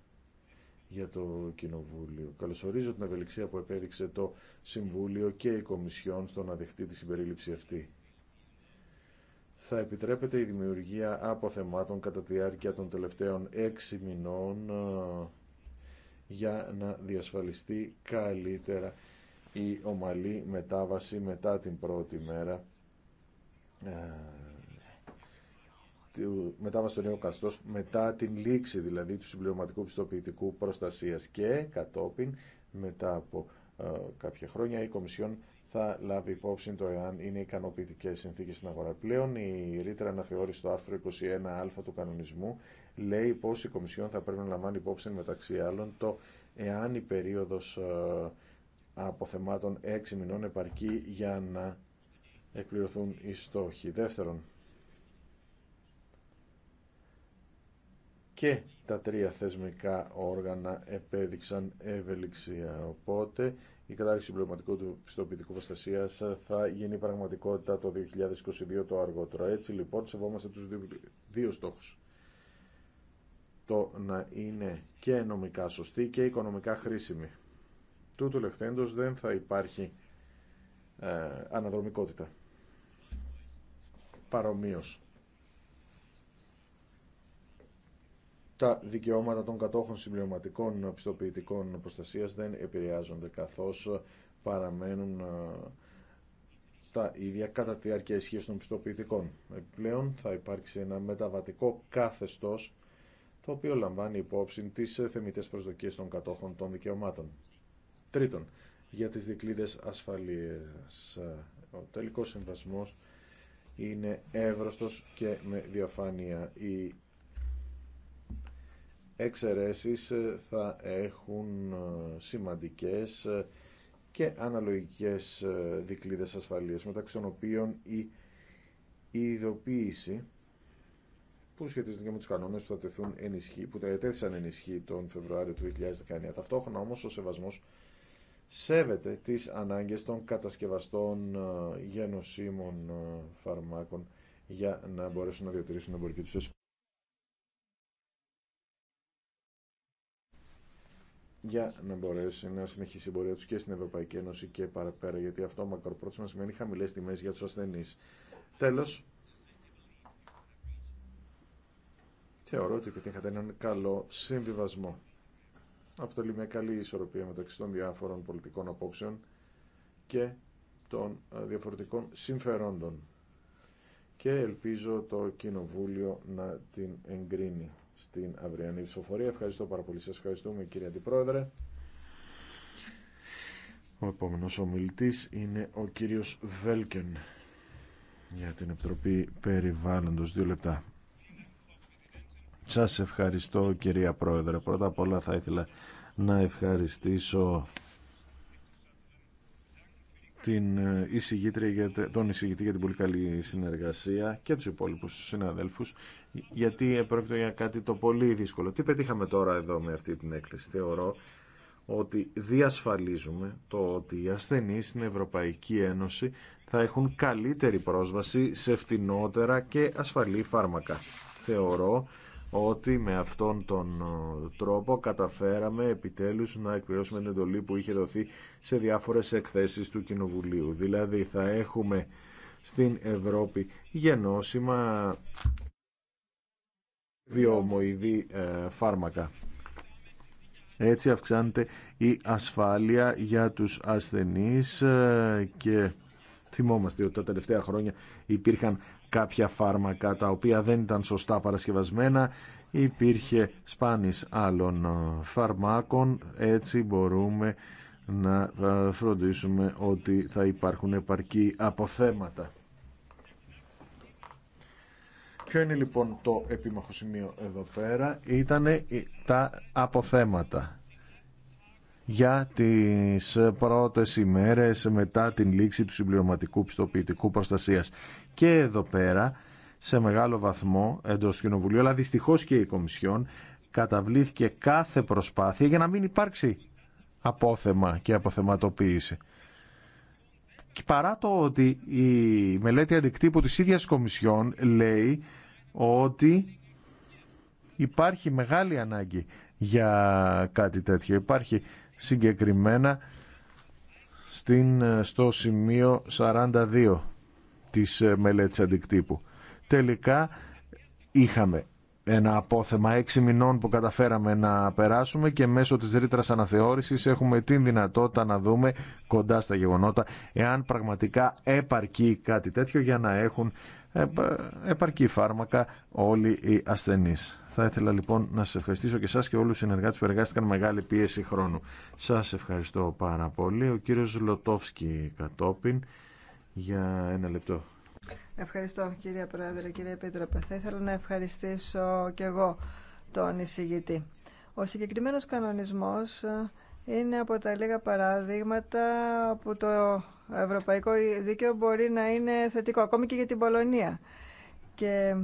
A: για το Κοινοβούλιο. Καλωσορίζω την ευελιξία που επέδειξε το Συμβούλιο και η Κομισιόν στο να δεχτεί τη συμπερίληψη αυτή. Θα επιτρέπεται η δημιουργία αποθεμάτων κατά τη διάρκεια των τελευταίων έξι μηνών ε, για να διασφαλιστεί καλύτερα η ομαλή μετάβαση μετά την πρώτη μέρα ε, μετάβαση των νέο καθώς μετά την λήξη δηλαδή του συμπληρωματικού πιστοποιητικού προστασίας και κατόπιν μετά από ε, κάποια χρόνια η Κομισιόν θα λάβει υπόψη το εάν είναι ικανοποιητικέ συνθήκε στην αγορά. Πλέον, η ρήτρα αναθεώρηση στο αρθρο 21 21α του κανονισμού λέει πω η Κομισιόν θα πρέπει να λαμβάνει υπόψη μεταξύ άλλων το εάν η περίοδο ε, αποθεμάτων έξι μηνών επαρκεί για να εκπληρωθούν οι στόχοι. Δεύτερον, και τα τρία θεσμικά όργανα επέδειξαν ευελιξία. Οπότε η κατάρριξη του του πιστοποιητικού προστασία θα γίνει πραγματικότητα το 2022 το αργότερο. Έτσι λοιπόν σεβόμαστε τους δύο, δύο στόχους. Το να είναι και νομικά σωστή και οικονομικά χρήσιμη. Τούτου λεχθέντος δεν θα υπάρχει ε, αναδρομικότητα. Παρομοίως τα δικαιώματα των κατόχων συμπληρωματικών πιστοποιητικών προστασίας δεν επηρεάζονται καθώ παραμένουν ε, τα ίδια κατά τη διάρκεια ισχύω των πιστοποιητικών. Επιπλέον θα υπάρξει ένα μεταβατικό καθεστώς το οποίο λαμβάνει υπόψη τις θεμητές προσδοκίες των κατόχων των δικαιωμάτων. Τρίτον, για τις δικλείδες ασφαλεία, ε, Ο τελικός συμβασμός είναι εύρωστος και με διαφάνεια εξαιρέσεις ε, θα έχουν ε, σημαντικές ε, και αναλογικές δικλείδες ασφαλείας μεταξύ των οποίων η ειδοποίηση που σχετίζεται και με τους κανόνες που θα τεθούν ενισχύ, που τα ετέθησαν ενισχύ τον Φεβρουάριο του 2019. Ταυτόχρονα όμως ο σεβασμός σέβεται τις ανάγκες των κατασκευαστών γενοσύμων φαρμάκων για να μπορέσουν να διατηρήσουν την εμπορική τους για να μπορέσει να συνεχίσει η πορεία του και στην Ευρωπαϊκή Ένωση και παραπέρα, γιατί αυτό μακροπρόθεσμα σημαίνει χαμηλέ τιμέ για του ασθενεί. Τέλο, θεωρώ ότι επιτύχατε έναν καλό συμβιβασμό. Αποτελεί μια καλή ισορροπία μεταξύ των διάφορων πολιτικών απόψεων και των ε, διαφορετικών συμφερόντων και ελπίζω το Κοινοβούλιο να την εγκρίνει στην αυριανή ψηφοφορία. Ευχαριστώ πάρα πολύ. Σας ευχαριστούμε κύριε Αντιπρόεδρε. Ο επόμενος ομιλητής είναι ο κύριος Βέλκεν για την Επιτροπή Περιβάλλοντος. Δύο λεπτά. Σας ευχαριστώ κυρία Πρόεδρε. Πρώτα απ' όλα θα ήθελα να ευχαριστήσω την ε, εισηγήτρια, τον εισηγητή για την πολύ καλή συνεργασία και τους υπόλοιπους συναδέλφους γιατί πρόκειται για κάτι το πολύ δύσκολο. Τι πετύχαμε τώρα εδώ με αυτή την έκθεση. Θεωρώ ότι διασφαλίζουμε το ότι οι ασθενείς στην Ευρωπαϊκή Ένωση θα έχουν καλύτερη πρόσβαση σε φτηνότερα και ασφαλή φάρμακα. Θεωρώ ότι με αυτόν τον ε, τρόπο καταφέραμε επιτέλους να εκπληρώσουμε την εντολή που είχε δοθεί σε διάφορες εκθέσεις του Κοινοβουλίου. Δηλαδή θα έχουμε στην Ευρώπη γενώσιμα βιομοειδή ε, φάρμακα. Έτσι αυξάνεται η ασφάλεια για τους ασθενείς ε, και θυμόμαστε ότι τα τελευταία χρόνια υπήρχαν κάποια φάρμακα τα οποία δεν ήταν σωστά παρασκευασμένα, υπήρχε σπάνις άλλων ε, φαρμάκων, έτσι μπορούμε να φροντίσουμε ότι θα υπάρχουν επαρκή αποθέματα. Ποιο είναι λοιπόν το επίμαχο σημείο εδώ πέρα ήταν τα αποθέματα για τις πρώτες ημέρες μετά την λήξη του συμπληρωματικού πιστοποιητικού προστασίας. Και εδώ πέρα, σε μεγάλο βαθμό εντός του Κοινοβουλίου, αλλά δυστυχώς και η Κομισιόν, καταβλήθηκε κάθε προσπάθεια για να μην υπάρξει απόθεμα και αποθεματοποίηση. Και παρά το ότι η μελέτη αντικτύπου της ίδιας Κομισιόν λέει ότι υπάρχει μεγάλη ανάγκη για κάτι τέτοιο. Υπάρχει συγκεκριμένα στην, στο σημείο 42 της ε, μελέτης αντικτύπου. Τελικά είχαμε ένα απόθεμα έξι μηνών που καταφέραμε να περάσουμε και μέσω της ρήτρα αναθεώρησης έχουμε την δυνατότητα να δούμε κοντά στα γεγονότα εάν πραγματικά επαρκεί κάτι τέτοιο για να έχουν επαρκή φάρμακα όλοι οι ασθενείς. Θα ήθελα λοιπόν να σας ευχαριστήσω και εσάς και όλους τους συνεργάτες που εργάστηκαν μεγάλη πίεση χρόνου. Σας ευχαριστώ πάρα πολύ. Ο κύριος Λοτόφσκι κατόπιν για ένα λεπτό.
C: Ευχαριστώ κύριε Πρόεδρε, κύριε Επίτροπε. Θα ήθελα να ευχαριστήσω και εγώ τον εισηγητή. Ο συγκεκριμένος κανονισμός ε, είναι από τα λίγα παράδειγματα που το ευρωπαϊκό δίκαιο μπορεί να είναι θετικό, ακόμη και για την Πολωνία. Και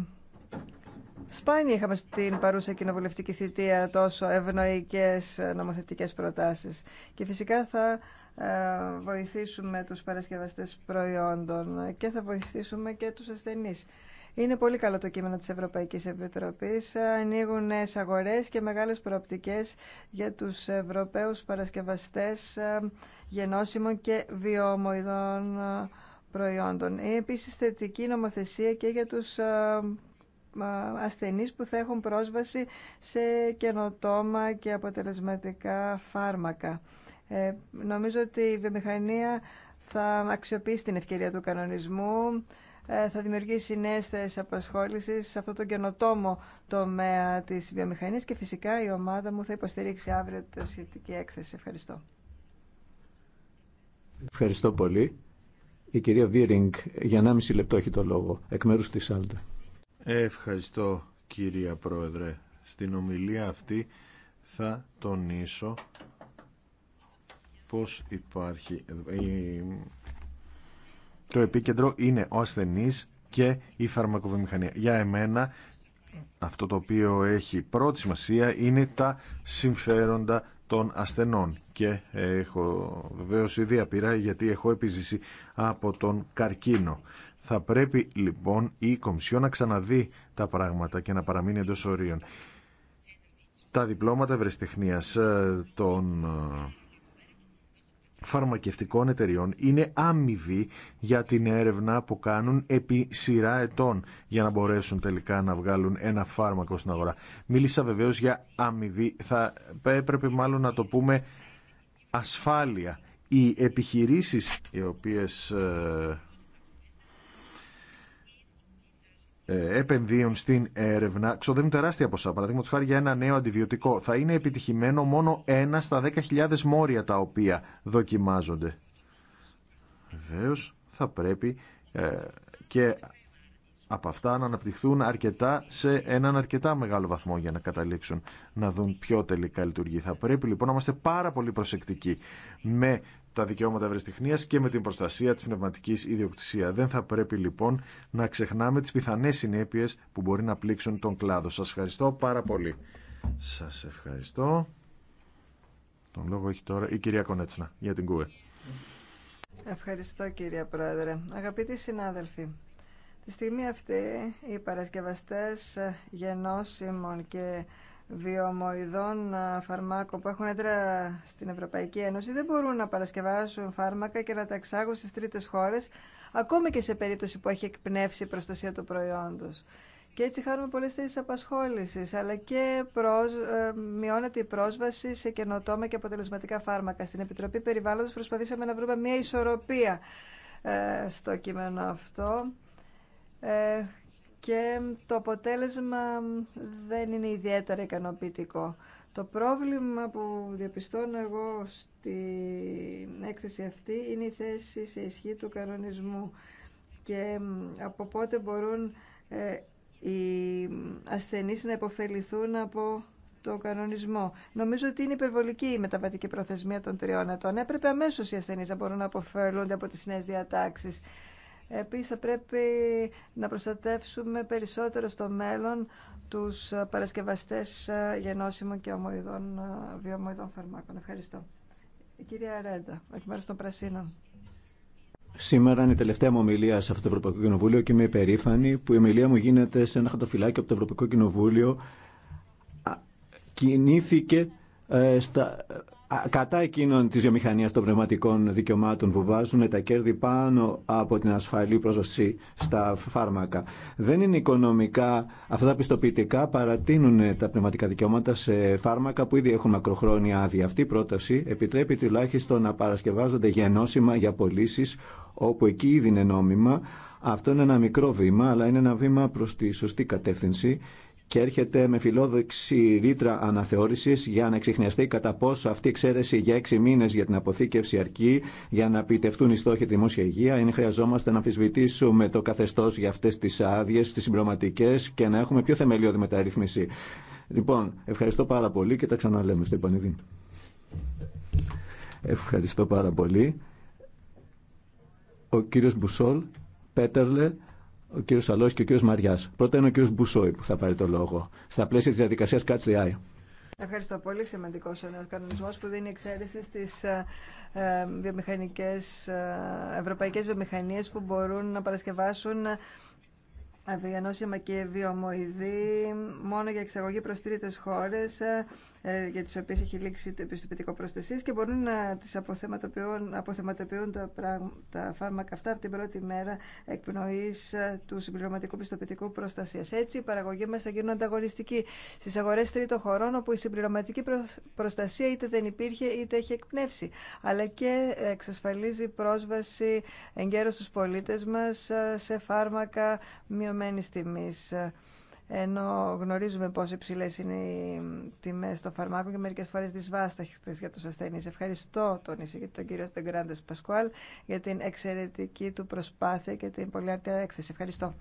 C: σπάνια είχαμε στην παρούσα κοινοβουλευτική θητεία τόσο ευνοϊκές νομοθετικές προτάσεις. Και φυσικά θα ε, βοηθήσουμε τους παρασκευαστές προϊόντων και θα βοηθήσουμε και τους ασθενείς. Είναι πολύ καλό το κείμενο της Ευρωπαϊκής Επιτροπής. Ανοίγουν νέες αγορές και μεγάλες προοπτικές για τους Ευρωπαίους παρασκευαστές ε, γενώσιμων και βιόμοιδων ε, προϊόντων. Είναι επίσης θετική νομοθεσία και για τους ε, ασθενείς που θα έχουν πρόσβαση σε καινοτόμα και αποτελεσματικά φάρμακα. νομίζω ότι η βιομηχανία θα αξιοποιήσει την ευκαιρία του κανονισμού ε, θα δημιουργήσει νέες θέσει απασχόλησης σε αυτό το καινοτόμο τομέα της βιομηχανία και φυσικά η ομάδα μου θα υποστηρίξει αύριο τη σχετική έκθεση. Ευχαριστώ.
B: Ευχαριστώ πολύ. Η κυρία Βίρινγκ για 1,5 λεπτό έχει το λόγο εκ μέρου τη Άλτα.
A: Ευχαριστώ κυρία Πρόεδρε. Στην ομιλία αυτή θα τονίσω πως υπάρχει το επίκεντρο είναι ο ασθενής και η φαρμακοβιομηχανία. Για εμένα αυτό το οποίο έχει πρώτη σημασία είναι τα συμφέροντα των ασθενών και έχω βεβαίως ήδη απειρά γιατί έχω επιζήσει από τον καρκίνο. Θα πρέπει λοιπόν η Κομισιό να ξαναδεί τα πράγματα και να παραμείνει εντός ορίων. Τα διπλώματα ευρεσιτεχνίας ε, των ε, φαρμακευτικών εταιριών είναι άμοιβη για την έρευνα που κάνουν επί σειρά ετών για να μπορέσουν τελικά να βγάλουν ένα φάρμακο στην αγορά. Μίλησα βεβαίως για άμοιβη, θα έπρεπε μάλλον να το πούμε ασφάλεια. Οι επιχειρήσεις οι οποίες ε, Ε, επενδύουν στην έρευνα ξοδεύουν τεράστια ποσά. Παραδείγματο χάρη για ένα νέο αντιβιωτικό. Θα είναι επιτυχημένο μόνο ένα στα 10.000 μόρια τα οποία δοκιμάζονται. Βεβαίω θα πρέπει ε, και από αυτά να αναπτυχθούν αρκετά σε έναν αρκετά μεγάλο βαθμό για να καταλήξουν να δουν ποιο τελικά λειτουργεί. Θα πρέπει λοιπόν να είμαστε πάρα πολύ προσεκτικοί με τα δικαιώματα ευρεστιχνίας και με την προστασία της πνευματικής ιδιοκτησία. Δεν θα πρέπει λοιπόν να ξεχνάμε τις πιθανές συνέπειες που μπορεί να πλήξουν τον κλάδο. Σας ευχαριστώ πάρα πολύ. Σας ευχαριστώ. Τον λόγο έχει τώρα η κυρία Κονέτσνα για την ΚΟΕ.
C: Ευχαριστώ κυρία Πρόεδρε. Αγαπητοί συνάδελφοι, τη στιγμή αυτή οι παρασκευαστές γενώσιμων και βιομοειδών ε, φαρμάκων που έχουν έντρα στην Ευρωπαϊκή Ένωση δεν μπορούν να παρασκευάσουν φάρμακα και να τα εξάγουν στις τρίτες χώρες ακόμη και σε περίπτωση που έχει εκπνεύσει η προστασία του προϊόντος. Και έτσι χάνουμε πολλές θέσεις απασχόλησης, αλλά και προς, ε, μειώνεται η πρόσβαση σε καινοτόμα και αποτελεσματικά φάρμακα. Στην Επιτροπή Περιβάλλοντος προσπαθήσαμε να βρούμε μια ισορροπία ε, στο κείμενο αυτό. Ε, και το αποτέλεσμα δεν είναι ιδιαίτερα ικανοποιητικό. Το πρόβλημα που διαπιστώνω εγώ στην έκθεση αυτή είναι η θέση σε ισχύ του κανονισμού και από πότε μπορούν ε, οι ασθενείς να υποφεληθούν από το κανονισμό. Νομίζω ότι είναι υπερβολική η μεταβατική προθεσμία των τριών ετών. Έπρεπε αμέσως οι ασθενεί να μπορούν να αποφελούνται από τις νέες διατάξει Επίσης θα πρέπει να προστατεύσουμε περισσότερο στο μέλλον τους παρασκευαστές ε, γενώσιμων και ομοειδών, ε, βιομοειδών φαρμάκων. Ευχαριστώ. Η κυρία Ρέντα, εκ μέρους των Πρασίνων.
B: Σήμερα είναι η τελευταία μου ομιλία σε αυτό το Ευρωπαϊκό Κοινοβούλιο και είμαι υπερήφανη που η ομιλία μου γίνεται σε ένα χαρτοφυλάκι από το Ευρωπαϊκό Κοινοβούλιο. Κινήθηκε ε, στα, κατά εκείνων της βιομηχανίας των πνευματικών δικαιωμάτων που βάζουν τα κέρδη πάνω από την ασφαλή πρόσβαση στα φάρμακα. Δεν είναι οικονομικά, αυτά τα πιστοποιητικά παρατείνουν τα πνευματικά δικαιώματα σε φάρμακα που ήδη έχουν μακροχρόνια άδεια. Αυτή η πρόταση επιτρέπει τουλάχιστον να παρασκευάζονται γενώσιμα για πωλήσει όπου εκεί ήδη είναι νόμιμα. Αυτό είναι ένα μικρό βήμα, αλλά είναι ένα βήμα προς τη σωστή κατεύθυνση και έρχεται με φιλόδοξη ρήτρα αναθεώρηση για να εξηχνιαστεί κατά πόσο αυτή η εξαίρεση για έξι μήνε για την αποθήκευση αρκεί για να επιτευχθούν οι στόχοι δημόσια υγεία. Είναι χρειαζόμαστε να αμφισβητήσουμε το καθεστώ για αυτέ τι άδειε, τι συμπληρωματικέ και να έχουμε πιο θεμελιώδη μεταρρύθμιση. Λοιπόν, ευχαριστώ πάρα πολύ και τα ξαναλέμε στο Ιπανιδί. Ευχαριστώ πάρα πολύ. Ο κύριος Μπουσόλ, Πέτερλε, ο κ. Σαλό και ο κ. Μαριά. Πρώτα είναι ο κ. Μπουσόη που θα πάρει το λόγο. Στα πλαίσια τη διαδικασία Catch the Eye.
C: Ευχαριστώ. Πολύ σημαντικό ο κανονισμό που δίνει εξαίρεση στι ε, ε, βιομηχανικές, ε, ευρωπαϊκέ βιομηχανίε που μπορούν να παρασκευάσουν αβιανόσημα και βιομοειδή μόνο για εξαγωγή προ τρίτε χώρε ε, για τις οποίες έχει λήξει το πιστοποιητικό προστασίας και μπορούν να τις αποθεματοποιούν, αποθεματοποιούν τα, τα φάρμακα αυτά από την πρώτη μέρα εκπνοής ε, του συμπληρωματικού πιστοποιητικού προστασίας. Έτσι, οι παραγωγοί μας θα γίνουν ανταγωνιστικοί στις αγορές τρίτων χωρών όπου η συμπληρωματική προστασία είτε δεν υπήρχε είτε έχει εκπνεύσει, αλλά και εξασφαλίζει πρόσβαση εγκαίρως στους πολίτες μας ε, σε φάρμακα μειωμένης τιμής ενώ γνωρίζουμε πόσο υψηλέ είναι οι τιμέ των φαρμάκων και μερικέ φορέ δυσβάσταχτε για του ασθενεί. Ευχαριστώ τον εισηγητή, τον κύριο Στεγκράντε Πασκουάλ, για την εξαιρετική του προσπάθεια και την πολύ έκθεση. Ευχαριστώ.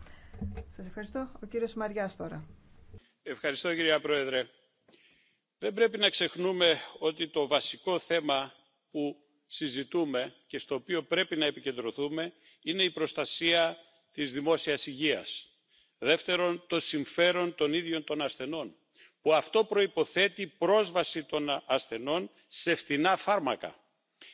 C: Σα ευχαριστώ. Ο κύριο Μαριά τώρα.
D: Ευχαριστώ, κυρία Πρόεδρε. Δεν πρέπει να ξεχνούμε ότι το βασικό θέμα που συζητούμε και στο οποίο πρέπει να επικεντρωθούμε είναι η προστασία της δημόσιας υγείας δεύτερον το συμφέρον των ίδιων των ασθενών που αυτό προϋποθέτει πρόσβαση των ασθενών σε φθηνά φάρμακα.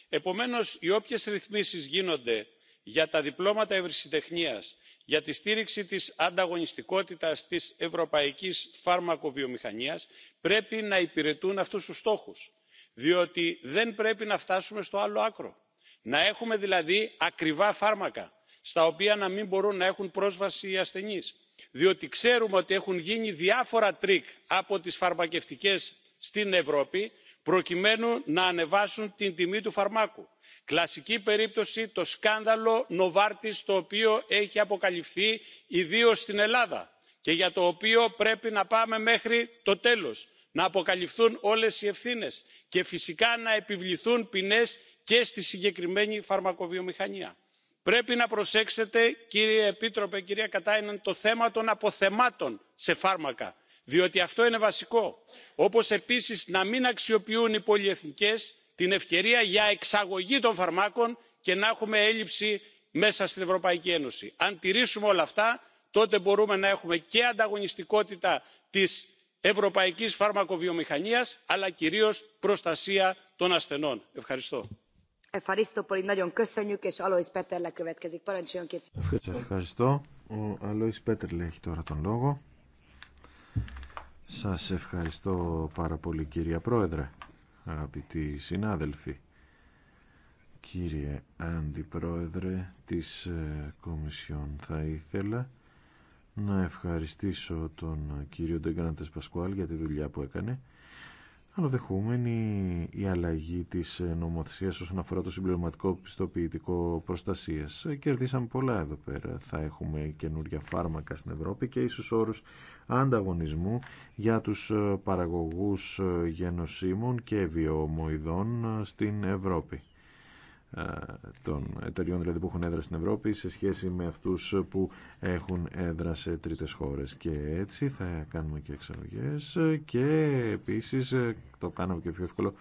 D: επομένως οι όποιες ρυθμίσεις γίνονται για τα διπλώματα ευρεσιτεχνίας για τη στήριξη της ανταγωνιστικότητας της ευρωπαϊκής φαρμακοβιομηχανίας πρέπει να υπηρετούν αυτούς τους στόχους διότι δεν πρέπει να φτάσουμε στο άλλο άκρο να έχουμε δηλαδή ακριβά φάρμακα στα οποία να μην μπορούν να έχουν πρόσβαση οι ασθενείς διότι ξέρουμε ότι έχουν γίνει διάφορα τρίκ από τις φαρμακευτικές στην ευρώπη προκειμένου να ανεβάσουν την τιμή του φαρμάκου. κλασική περίπτωση το σκάνδαλο Novartis, το οποίο έχει αποκαλυφθεί ιδίως στην ελλάδα και για το οποίο πρέπει να πάμε μέχρι το τέλος να αποκαλυφθούν όλες οι ευθύνες και φυσικά να επιβληθούν ποινές και στη συγκεκριμένη φαρμακοβιομηχανία πρέπει να προσέξετε κύριε επίτροπε κυρία κατάινεν το θέμα των αποθεμάτων σε φάρμακα διότι αυτό είναι βασικό όπως επίσης να μην αξιοποιούν οι πολυεθνικές την ευκαιρία για εξαγωγή των φαρμάκων και να έχουμε έλλειψη μέσα στην ευρωπαϊκή ένωση. αν τηρήσουμε όλα αυτά τότε μπορούμε να έχουμε και ανταγωνιστικότητα της ευρωπαϊκής φαρμακοβιομηχανίας αλλά κυρίως προστασία των ασθενών. ευχαριστώ.
C: Ευχαριστώ πολύ. köszönjük, és Alois következik. Parancsoljon
A: Ευχαριστώ. Ο Αλόης Πέτερλε έχει τώρα τον λόγο. Σας ευχαριστώ πάρα πολύ κυρία Πρόεδρε, αγαπητοί συνάδελφοι. Κύριε Αντιπρόεδρε της ε, Κομισιόν θα ήθελα να ευχαριστήσω τον κύριο Ντεγκράντες Πασκουάλ για τη δουλειά που έκανε Ανοδεχούμενη η αλλαγή της ε, νομοθεσίας όσον αφορά το συμπληρωματικό πιστοποιητικό προστασίας. Ε, κερδίσαμε πολλά εδώ πέρα. Θα έχουμε καινούργια φάρμακα στην Ευρώπη και ίσως όρους ανταγωνισμού για τους ε, παραγωγούς γενοσύμων και βιομοιδών στην Ευρώπη. Ε, των εταιριών δηλαδή που έχουν έδρα στην Ευρώπη σε σχέση με αυτούς που έχουν έδρα σε τρίτες χώρες και έτσι θα κάνουμε και εξαγωγές και επίσης ε, το κάναμε και πιο εύκολο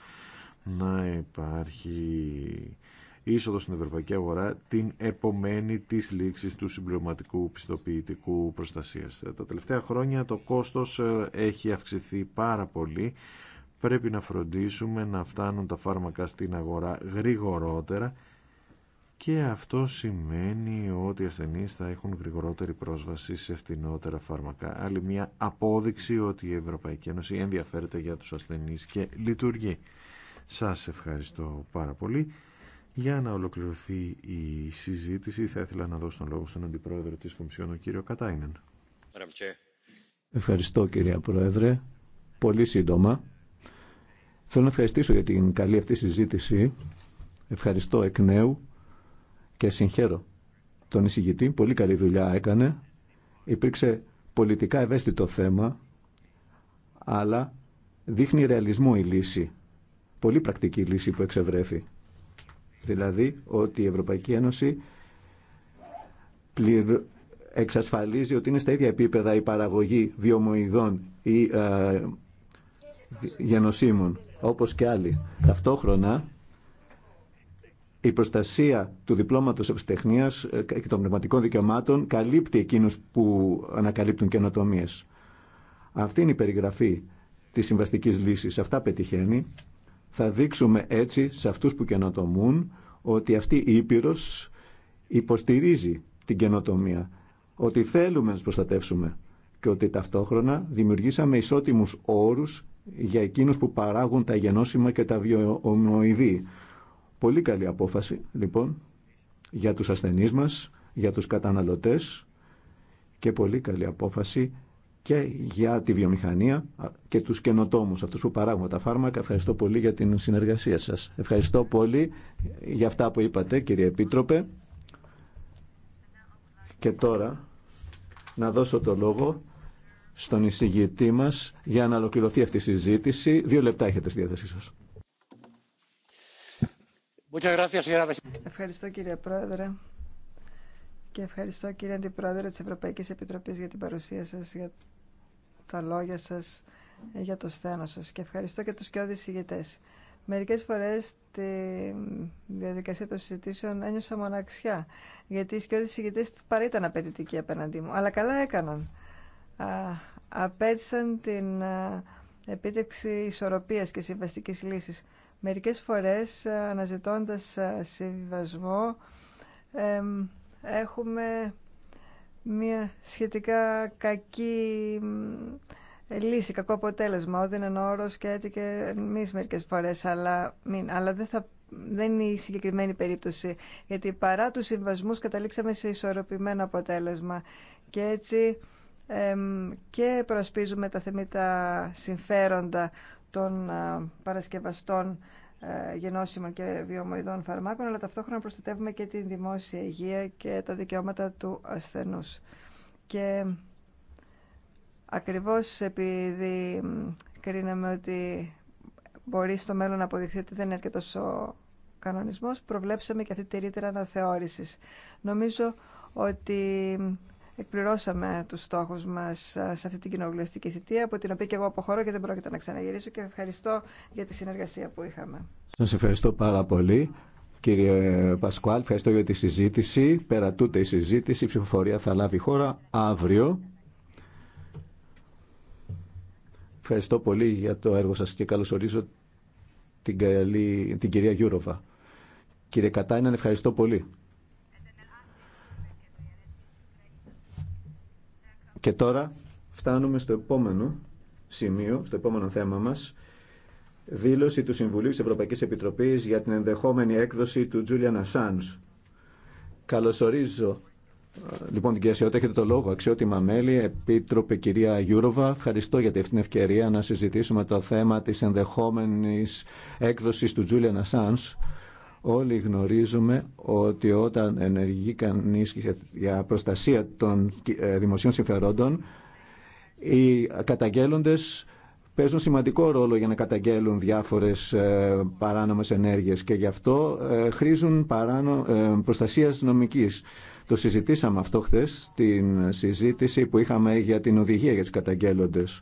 A: να υπάρχει είσοδο στην ευρωπαϊκή αγορά την επομένη της λήξης του συμπληρωματικού πιστοποιητικού προστασίας. Τα τελευταία χρόνια το κόστος ε, έχει αυξηθεί πάρα πολύ Πρέπει να φροντίσουμε να φτάνουν τα φάρμακα στην αγορά γρηγορότερα και αυτό σημαίνει ότι οι ασθενείς θα έχουν γρηγορότερη πρόσβαση σε φτηνότερα φάρμακα. Άλλη μια απόδειξη ότι η Ευρωπαϊκή Ένωση ενδιαφέρεται για τους ασθενείς και λειτουργεί. Σας ευχαριστώ πάρα πολύ. Για να ολοκληρωθεί η συζήτηση θα ήθελα να δώσω τον λόγο στον Αντιπρόεδρο της Κομισιόν, κύριο Κατάινεν.
B: Ευχαριστώ κύριε Πρόεδρε. Πολύ σύντομα. Θέλω να ευχαριστήσω για την καλή αυτή συζήτηση. Ευχαριστώ εκ νέου και συγχαίρω τον εισηγητή. Πολύ καλή δουλειά έκανε. Υπήρξε πολιτικά ευαίσθητο θέμα, αλλά δείχνει ρεαλισμό η λύση. Πολύ πρακτική λύση που εξευρέθη. Δηλαδή ότι η Ευρωπαϊκή Ένωση πληρ... εξασφαλίζει ότι είναι στα ίδια επίπεδα η παραγωγή βιομοειδών ή ε, γενοσύμων όπως και άλλοι. Ταυτόχρονα, η προστασία του διπλώματος ευστεχνίας ε, και των πνευματικών δικαιωμάτων καλύπτει εκείνους που ανακαλύπτουν καινοτομίε. Αυτή είναι η περιγραφή της συμβαστικής λύσης. Αυτά πετυχαίνει. Θα δείξουμε έτσι σε αυτούς που καινοτομούν ότι αυτή η Ήπειρος υποστηρίζει την καινοτομία, ότι θέλουμε να προστατεύσουμε και ότι ταυτόχρονα δημιουργήσαμε ισότιμους όρους για εκείνους που παράγουν τα γενώσιμα και τα βιοομοειδή. Πολύ καλή απόφαση, λοιπόν, για τους ασθενείς μας, για τους καταναλωτές και πολύ καλή απόφαση και για τη βιομηχανία και τους καινοτόμους, αυτούς που παράγουν τα φάρμακα. Ευχαριστώ πολύ για την συνεργασία σας. Ευχαριστώ πολύ για αυτά που είπατε, κύριε Επίτροπε. Και τώρα να δώσω το λόγο στον εισηγητή μα για να ολοκληρωθεί αυτή η συζήτηση. Δύο λεπτά έχετε στη διάθεσή σα.
C: Ευχαριστώ κύριε Πρόεδρε και ευχαριστώ κύριε Αντιπρόεδρε της Ευρωπαϊκής Επιτροπής για την παρουσία σας, για τα λόγια σας, ε, για το σθένο σας και ευχαριστώ και τους κοιόδης ηγετές. Μερικές φορές στη διαδικασία των συζητήσεων ένιωσα μοναξιά, γιατί οι σκιώδεις ηγητές παρά ήταν απαιτητικοί απέναντί μου, αλλά καλά έκαναν απέτησαν την επίτευξη ισορροπίας και συμβαστικής λύσης. Μερικές φορές αναζητώντας συμβιβασμό έχουμε μια σχετικά κακή λύση, κακό αποτέλεσμα. Ότι είναι όρο και έτσι και εμεί μερικέ φορέ. Αλλά, μην, δεν, θα, δεν είναι η συγκεκριμένη περίπτωση. Γιατί παρά του συμβασμού καταλήξαμε σε ισορροπημένο αποτέλεσμα. Και έτσι και προσπίζουμε τα θεμήτα συμφέροντα των ε, παρασκευαστών ε, γενώσιμων και βιομοειδών φαρμάκων, αλλά ταυτόχρονα προστατεύουμε και την δημόσια υγεία και τα δικαιώματα του ασθενούς. Και ακριβώς επειδή κρίναμε ότι μπορεί στο μέλλον να αποδειχθεί ότι δεν είναι αρκετό ο κανονισμός, προβλέψαμε και αυτή τη ρήτρα αναθεώρησης. Νομίζω ότι εκπληρώσαμε του στόχου μα ε, σε αυτή την κοινοβουλευτική θητεία, από την οποία και εγώ αποχωρώ και δεν πρόκειται να ξαναγυρίσω και ευχαριστώ για τη συνεργασία που είχαμε.
B: Σα ευχαριστώ πάρα πολύ. Κύριε Πασκουάλ, ευχαριστώ για τη συζήτηση. Πέρα η συζήτηση, η ψηφοφορία θα λάβει χώρα αύριο. Ευχαριστώ πολύ για το έργο σας και καλωσορίζω την, καλή, την κυρία Γιούροβα. Κύριε Κατάιναν, ευχαριστώ πολύ. Και τώρα φτάνουμε στο επόμενο σημείο, στο επόμενο θέμα μας, δήλωση του Συμβουλίου της Ευρωπαϊκής Επιτροπής για την ενδεχόμενη έκδοση του Τζούλιαν Assange. Καλωσορίζω ε, Λοιπόν, την κυρία Σιώτα, έχετε το λόγο. Αξιότιμα μέλη, επίτροπε κυρία Γιούροβα, ευχαριστώ για την ευκαιρία να συζητήσουμε το θέμα της ενδεχόμενης έκδοσης του Τζούλιαν Ασάνς. Όλοι γνωρίζουμε ότι όταν ενεργεί κανείς για προστασία των ε, δημοσίων συμφερόντων, οι καταγγέλλοντες παίζουν σημαντικό ρόλο για να καταγγέλουν διάφορες ε, παράνομες ενέργειες και γι' αυτό ε, χρήζουν παράνο... προστασίας νομικής. Το συζητήσαμε αυτό χθες στην συζήτηση που είχαμε για την οδηγία για τους καταγγέλλοντες.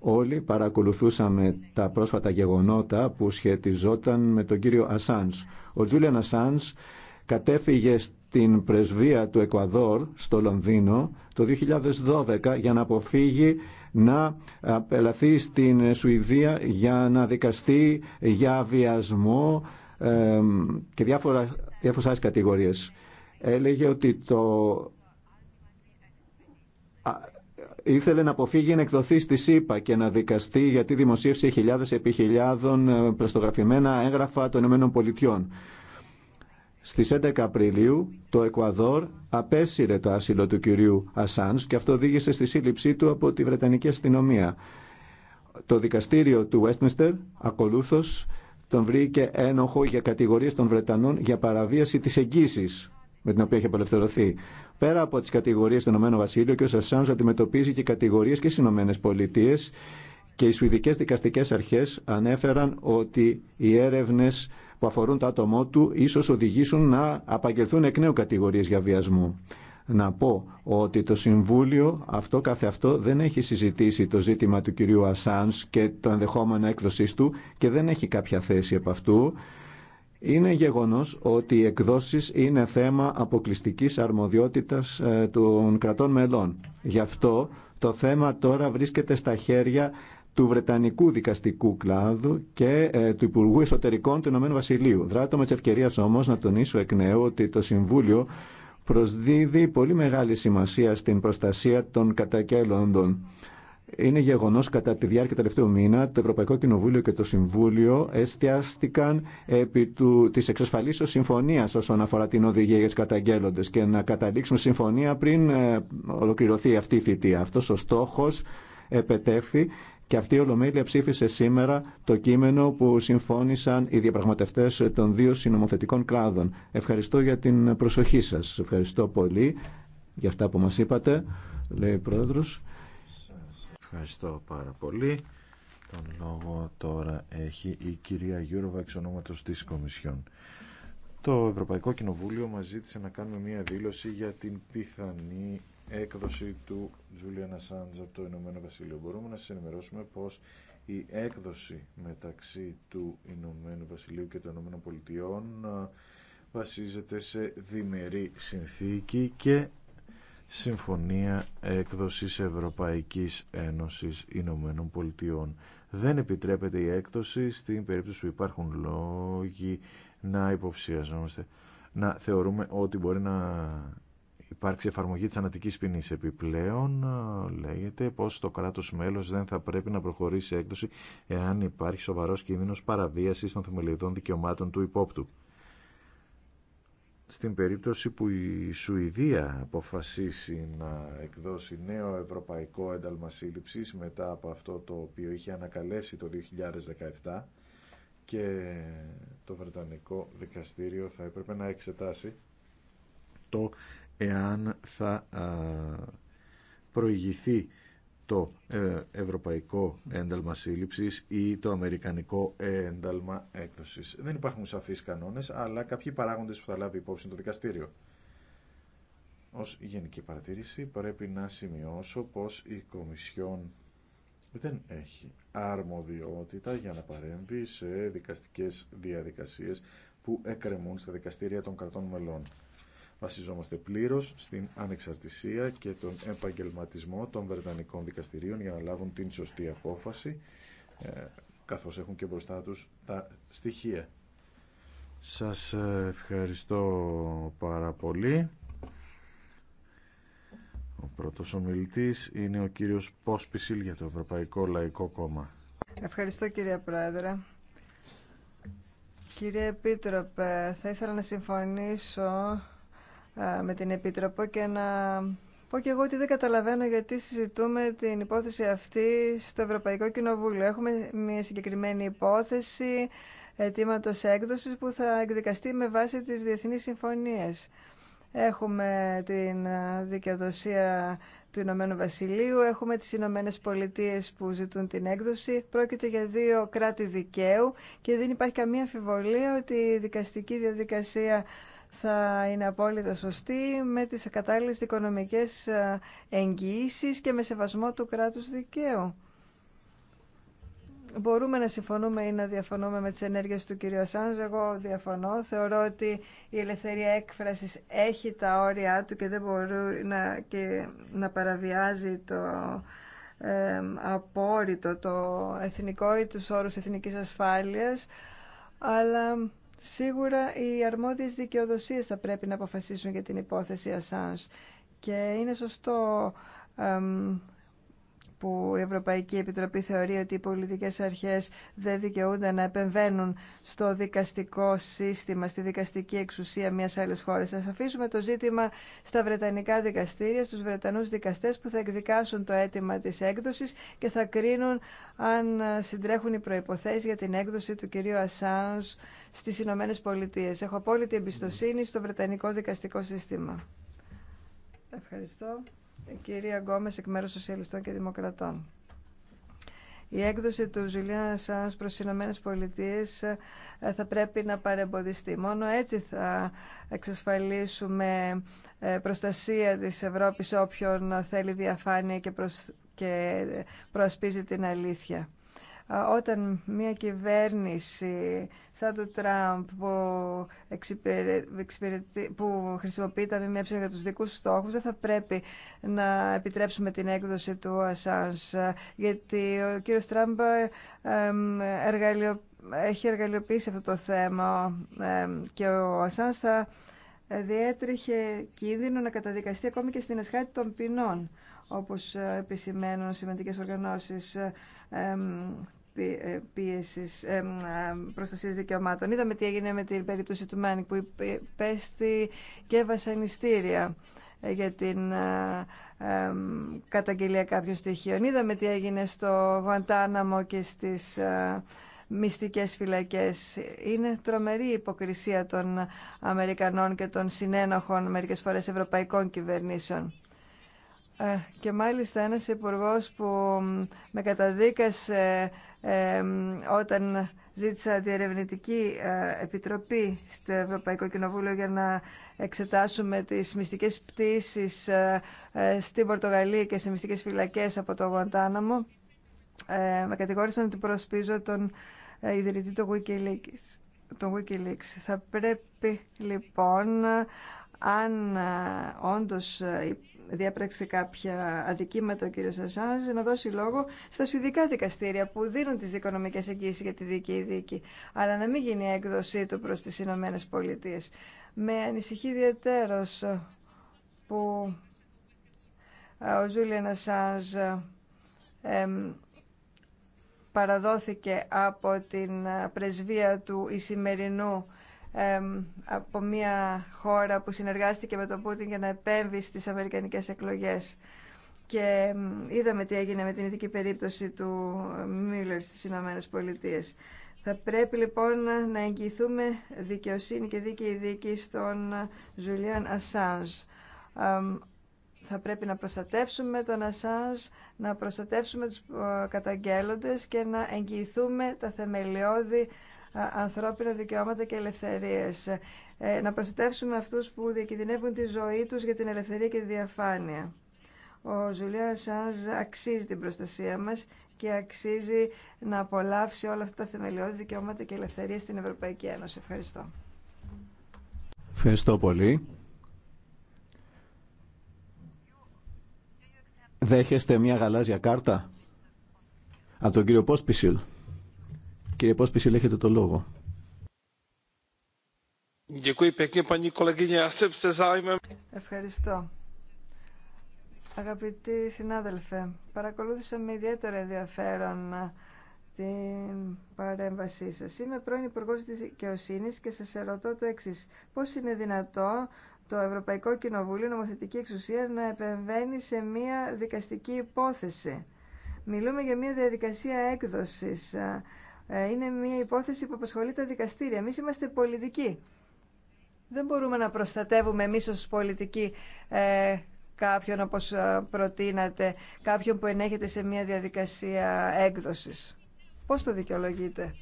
B: Όλοι παρακολουθούσαμε τα πρόσφατα γεγονότα που σχετιζόταν με τον κύριο Ασάνς. Ο Τζούλιαν Ασάνς κατέφυγε στην πρεσβεία του Εκουαδόρ στο Λονδίνο το 2012 για να αποφύγει να απελαθεί στην Σουηδία για να δικαστεί για βιασμό και διάφορα, διάφορες άλλες κατηγορίες. Έλεγε ότι το ήθελε να αποφύγει να εκδοθεί στη ΣΥΠΑ και να δικαστεί γιατί δημοσίευσε χιλιάδε επί χιλιάδων ε, πλαστογραφημένα έγγραφα των ΗΠΑ. Στις 11 Απριλίου το Εκουαδόρ απέσυρε το άσυλο του κυρίου Ασάν και αυτό οδήγησε στη σύλληψή του από τη Βρετανική αστυνομία. Το δικαστήριο του Westminster ακολούθω, τον βρήκε ένοχο για κατηγορίες των Βρετανών για παραβίαση της εγγύσης με την οποία έχει απελευθερωθεί. Πέρα από τι κατηγορίε του Ηνωμένου Βασίλειου, ο κ. αντιμετωπίζει και κατηγορίε και στι Ηνωμένε και οι Σουηδικέ δικαστικέ αρχέ ανέφεραν ότι οι έρευνε που αφορούν το άτομό του ίσω οδηγήσουν να απαγγελθούν εκ νέου κατηγορίε για βιασμό. Να πω ότι το Συμβούλιο αυτό κάθε αυτό δεν έχει συζητήσει το ζήτημα του κυρίου Ασάνς και το ενδεχόμενο έκδοσή του και δεν έχει κάποια θέση από αυτού. Είναι γεγονός ότι οι εκδόσεις είναι θέμα αποκλειστικής αρμοδιότητας ε, των κρατών μελών. Γι' αυτό το θέμα τώρα βρίσκεται στα χέρια του Βρετανικού δικαστικού κλάδου και ε, του Υπουργού Εσωτερικών του Ηνωμένου Βασιλείου. Δράτω με τη ευκαιρία όμω να τονίσω εκ νέου ότι το Συμβούλιο προσδίδει πολύ μεγάλη σημασία στην προστασία των κατακέλλοντων είναι γεγονός κατά τη διάρκεια του τελευταίου μήνα το Ευρωπαϊκό Κοινοβούλιο και το Συμβούλιο εστιάστηκαν επί του, της εξασφαλίσεως συμφωνίας όσον αφορά την οδηγία για τους καταγγέλλοντες και να καταλήξουμε συμφωνία πριν ε, ολοκληρωθεί αυτή η θητεία. Αυτός ο στόχος επετεύχθη και αυτή η Ολομέλεια ψήφισε σήμερα το κείμενο που συμφώνησαν οι διαπραγματευτές των δύο συνομοθετικών κλάδων. Ευχαριστώ για την προσοχή σας. Ευχαριστώ πολύ για αυτά που μας είπατε, λέει ο Πρόεδρος.
A: Ευχαριστώ πάρα πολύ. Τον λόγο τώρα έχει η κυρία Γιούροβα εξ ονόματος της Κομισιόν. Το Ευρωπαϊκό Κοινοβούλιο μας ζήτησε να κάνουμε μία δήλωση για την πιθανή έκδοση του Τζούλιαν Νασάντζα από το Ηνωμένο Βασίλειο. Μπορούμε να σας ενημερώσουμε πως η έκδοση μεταξύ του Ηνωμένου Βασιλείου και των Ηνωμένων Πολιτειών ε, βασίζεται σε διμερή συνθήκη και Συμφωνία Έκδοσης Ευρωπαϊκής Ένωσης Ηνωμένων Πολιτειών. Δεν επιτρέπεται η έκδοση στην περίπτωση που υπάρχουν λόγοι να υποψιαζόμαστε, να θεωρούμε ότι μπορεί να υπάρξει εφαρμογή της ανατικής ποινής. Επιπλέον λέγεται πως το κράτος μέλος δεν θα πρέπει να προχωρήσει έκδοση εάν υπάρχει σοβαρός κίνδυνος παραβίασης των θεμελιωδών δικαιωμάτων του υπόπτου στην περίπτωση που η Σουηδία αποφασίσει να εκδώσει νέο ευρωπαϊκό ένταλμα μετά από αυτό το οποίο είχε ανακαλέσει το 2017 και το Βρετανικό Δικαστήριο θα έπρεπε να εξετάσει το εάν θα προηγηθεί το ε, ευρωπαϊκό ένταλμα σύλληψης ή το αμερικανικό ένταλμα έκδοσης. Δεν υπάρχουν σαφείς κανόνες, αλλά κάποιοι παράγοντες που θα λάβει υπόψη το δικαστήριο. Ως γενική παρατήρηση πρέπει να σημειώσω πως η Κομισιόν δεν έχει αρμοδιότητα για να παρέμβει σε δικαστικές διαδικασίες που εκκρεμούν στα δικαστήρια των κρατών μελών. Βασιζόμαστε πλήρως στην ανεξαρτησία και τον επαγγελματισμό των Βρετανικών δικαστηρίων για να λάβουν την σωστή απόφαση, ε, καθώς έχουν και μπροστά τους τα στοιχεία. Σας ε, ευχαριστώ πάρα πολύ. Ο πρώτος ομιλητής είναι ο κύριος Πόσπισιλ για το Ευρωπαϊκό Λαϊκό Κόμμα.
C: Ευχαριστώ κύριε Πρόεδρε. Κύριε Επίτροπε, θα ήθελα να συμφωνήσω με την Επίτροπο και να πω και εγώ ότι δεν καταλαβαίνω γιατί συζητούμε την υπόθεση αυτή στο Ευρωπαϊκό Κοινοβούλιο. Έχουμε μια συγκεκριμένη υπόθεση αιτήματο έκδοσης που θα εκδικαστεί με βάση τις διεθνείς συμφωνίες. Έχουμε την δικαιοδοσία του Ηνωμένου Βασιλείου, έχουμε τις Ηνωμένε Πολιτείε που ζητούν την έκδοση. Πρόκειται για δύο κράτη δικαίου και δεν υπάρχει καμία αμφιβολία ότι η δικαστική διαδικασία θα είναι απόλυτα σωστή με τις κατάλληλες οικονομικές ε, εγγυήσεις και με σεβασμό του κράτους δικαίου. Μπορούμε να συμφωνούμε ή να διαφωνούμε με τις ενέργειες του κυρίου Ασάνζ. Εγώ διαφωνώ. Θεωρώ ότι η ελευθερία έκφρασης έχει τα όρια του και δεν μπορεί να, και να παραβιάζει το ε, απόρριτο, το εθνικό ή τους όρους εθνικής ασφάλειας. Αλλά Σίγουρα οι αρμόδιες δικαιοδοσίες θα πρέπει να αποφασίσουν για την υπόθεση Ασάνς και είναι σωστό που η Ευρωπαϊκή Επιτροπή θεωρεί ότι οι πολιτικές αρχές δεν δικαιούνται να επεμβαίνουν στο δικαστικό σύστημα, στη δικαστική εξουσία μιας άλλης χώρας. Ας αφήσουμε το ζήτημα στα Βρετανικά δικαστήρια, στους Βρετανούς δικαστές που θα εκδικάσουν το αίτημα της έκδοσης και θα κρίνουν αν συντρέχουν οι προϋποθέσεις για την έκδοση του κυρίου Ασάνς στις Ηνωμένε Πολιτείε. Έχω απόλυτη εμπιστοσύνη στο Βρετανικό δικαστικό σύστημα. Ευχαριστώ κυρία Γκόμες εκ μέρους Σοσιαλιστών και Δημοκρατών. Η έκδοση του Ζουλίαν σας προς τις Ηνωμένες Πολιτείες ε, θα πρέπει να παρεμποδιστεί. Μόνο έτσι θα εξασφαλίσουμε ε, προστασία της Ευρώπης όποιον θέλει διαφάνεια και, προσ... και ε, προασπίζει την αλήθεια όταν μια κυβέρνηση σαν το Τραμπ που, που χρησιμοποιεί τα ΜΜΕ για τους δικούς στόχους δεν θα πρέπει να επιτρέψουμε την έκδοση του Ασάνς γιατί ο κύριος Τραμπ ε, εργαλειο, έχει εργαλειοποιήσει αυτό το θέμα και ο Ασάνς θα διέτρεχε κίνδυνο να καταδικαστεί ακόμη και στην ασχάτη των ποινών όπως ε, επισημαίνουν σημαντικές οργανώσεις ε, ε, πίεσης, προστασίας δικαιωμάτων. Είδαμε τι έγινε με την περίπτωση του Μάνικ που υπέστη και βασανιστήρια ε, για την ε, καταγγελία κάποιων στοιχείων. Είδαμε τι έγινε στο Γουαντάναμο και στις μυστικές φυλακές. Είναι τρομερή η υποκρισία των Αμερικανών και των συνένοχων μερικές φορές ευρωπαϊκών κυβερνήσεων. Ε, και μάλιστα ένας υπουργό που με καταδίκασε ε, όταν ζήτησα διερευνητική ε, επιτροπή στο Ευρωπαϊκό Κοινοβούλιο για να εξετάσουμε τις μυστικές πτήσεις στην Πορτογαλία και σε μυστικές φυλακές από το Γουαντάναμο. με κατηγόρησαν ότι προσπίζω τον ιδρυτή του Wikileaks. Θα πρέπει λοιπόν αν όντως διέπραξε κάποια αδικήματα ο κύριος Ασάνζ να δώσει λόγο στα σουηδικά δικαστήρια που δίνουν τις δικονομικές εγγύσεις για τη δίκαιη δίκη αλλά να μην γίνει η έκδοσή του προς τις Ηνωμένε Πολιτείες. Με ανησυχεί ιδιαίτερος που ε, ο Ζούλιαν Ασάνζ παραδόθηκε από την ε, πρεσβεία του Ισημερινού από μια χώρα που συνεργάστηκε με τον Πούτιν για να επέμβει στις αμερικανικές εκλογές. Και είδαμε τι έγινε με την ειδική περίπτωση του Μίλλερ στις Ηνωμένες Πολιτείες. Θα πρέπει λοιπόν να εγγυηθούμε δικαιοσύνη και δίκαιη δίκη στον Ζουλιαν Ασάνζ. Θα πρέπει να προστατεύσουμε τον Ασάνζ, να προστατεύσουμε τους ε, καταγγέλλοντες και να εγγυηθούμε τα θεμελιώδη ανθρώπινα δικαιώματα και ελευθερίες. Ε, να προστατεύσουμε αυτούς που διακινδυνεύουν τη ζωή τους για την ελευθερία και τη διαφάνεια. Ο Ζουλία Σάνζ αξίζει την προστασία μας και αξίζει να απολαύσει όλα αυτά τα θεμελιώδη δικαιώματα και ελευθερίες στην Ευρωπαϊκή Ένωση. Ευχαριστώ.
B: Ευχαριστώ πολύ. Δέχεστε μια γαλάζια κάρτα από τον κύριο Πόσπισιλ. Κύριε Πόσπη, συλλέχετε το λόγο.
C: Ευχαριστώ. Αγαπητοί συνάδελφε, παρακολούθησα με ιδιαίτερο ενδιαφέρον ε, την παρέμβασή σα. Είμαι πρώην Υπουργό τη Δικαιοσύνη και σα ερωτώ το εξή. Πώ είναι δυνατό το Ευρωπαϊκό Κοινοβούλιο νομοθετική εξουσία να επεμβαίνει σε μία δικαστική υπόθεση. Μιλούμε για μία διαδικασία έκδοσης ε, ε, είναι μια υπόθεση που απασχολεί τα δικαστήρια. Εμεί είμαστε πολιτικοί. Δεν μπορούμε να προστατεύουμε εμεί ω πολιτικοί ε, κάποιον όπω ε, προτείνατε, κάποιον που ενέχεται σε μια διαδικασία έκδοσης. Πώς το δικαιολογείτε.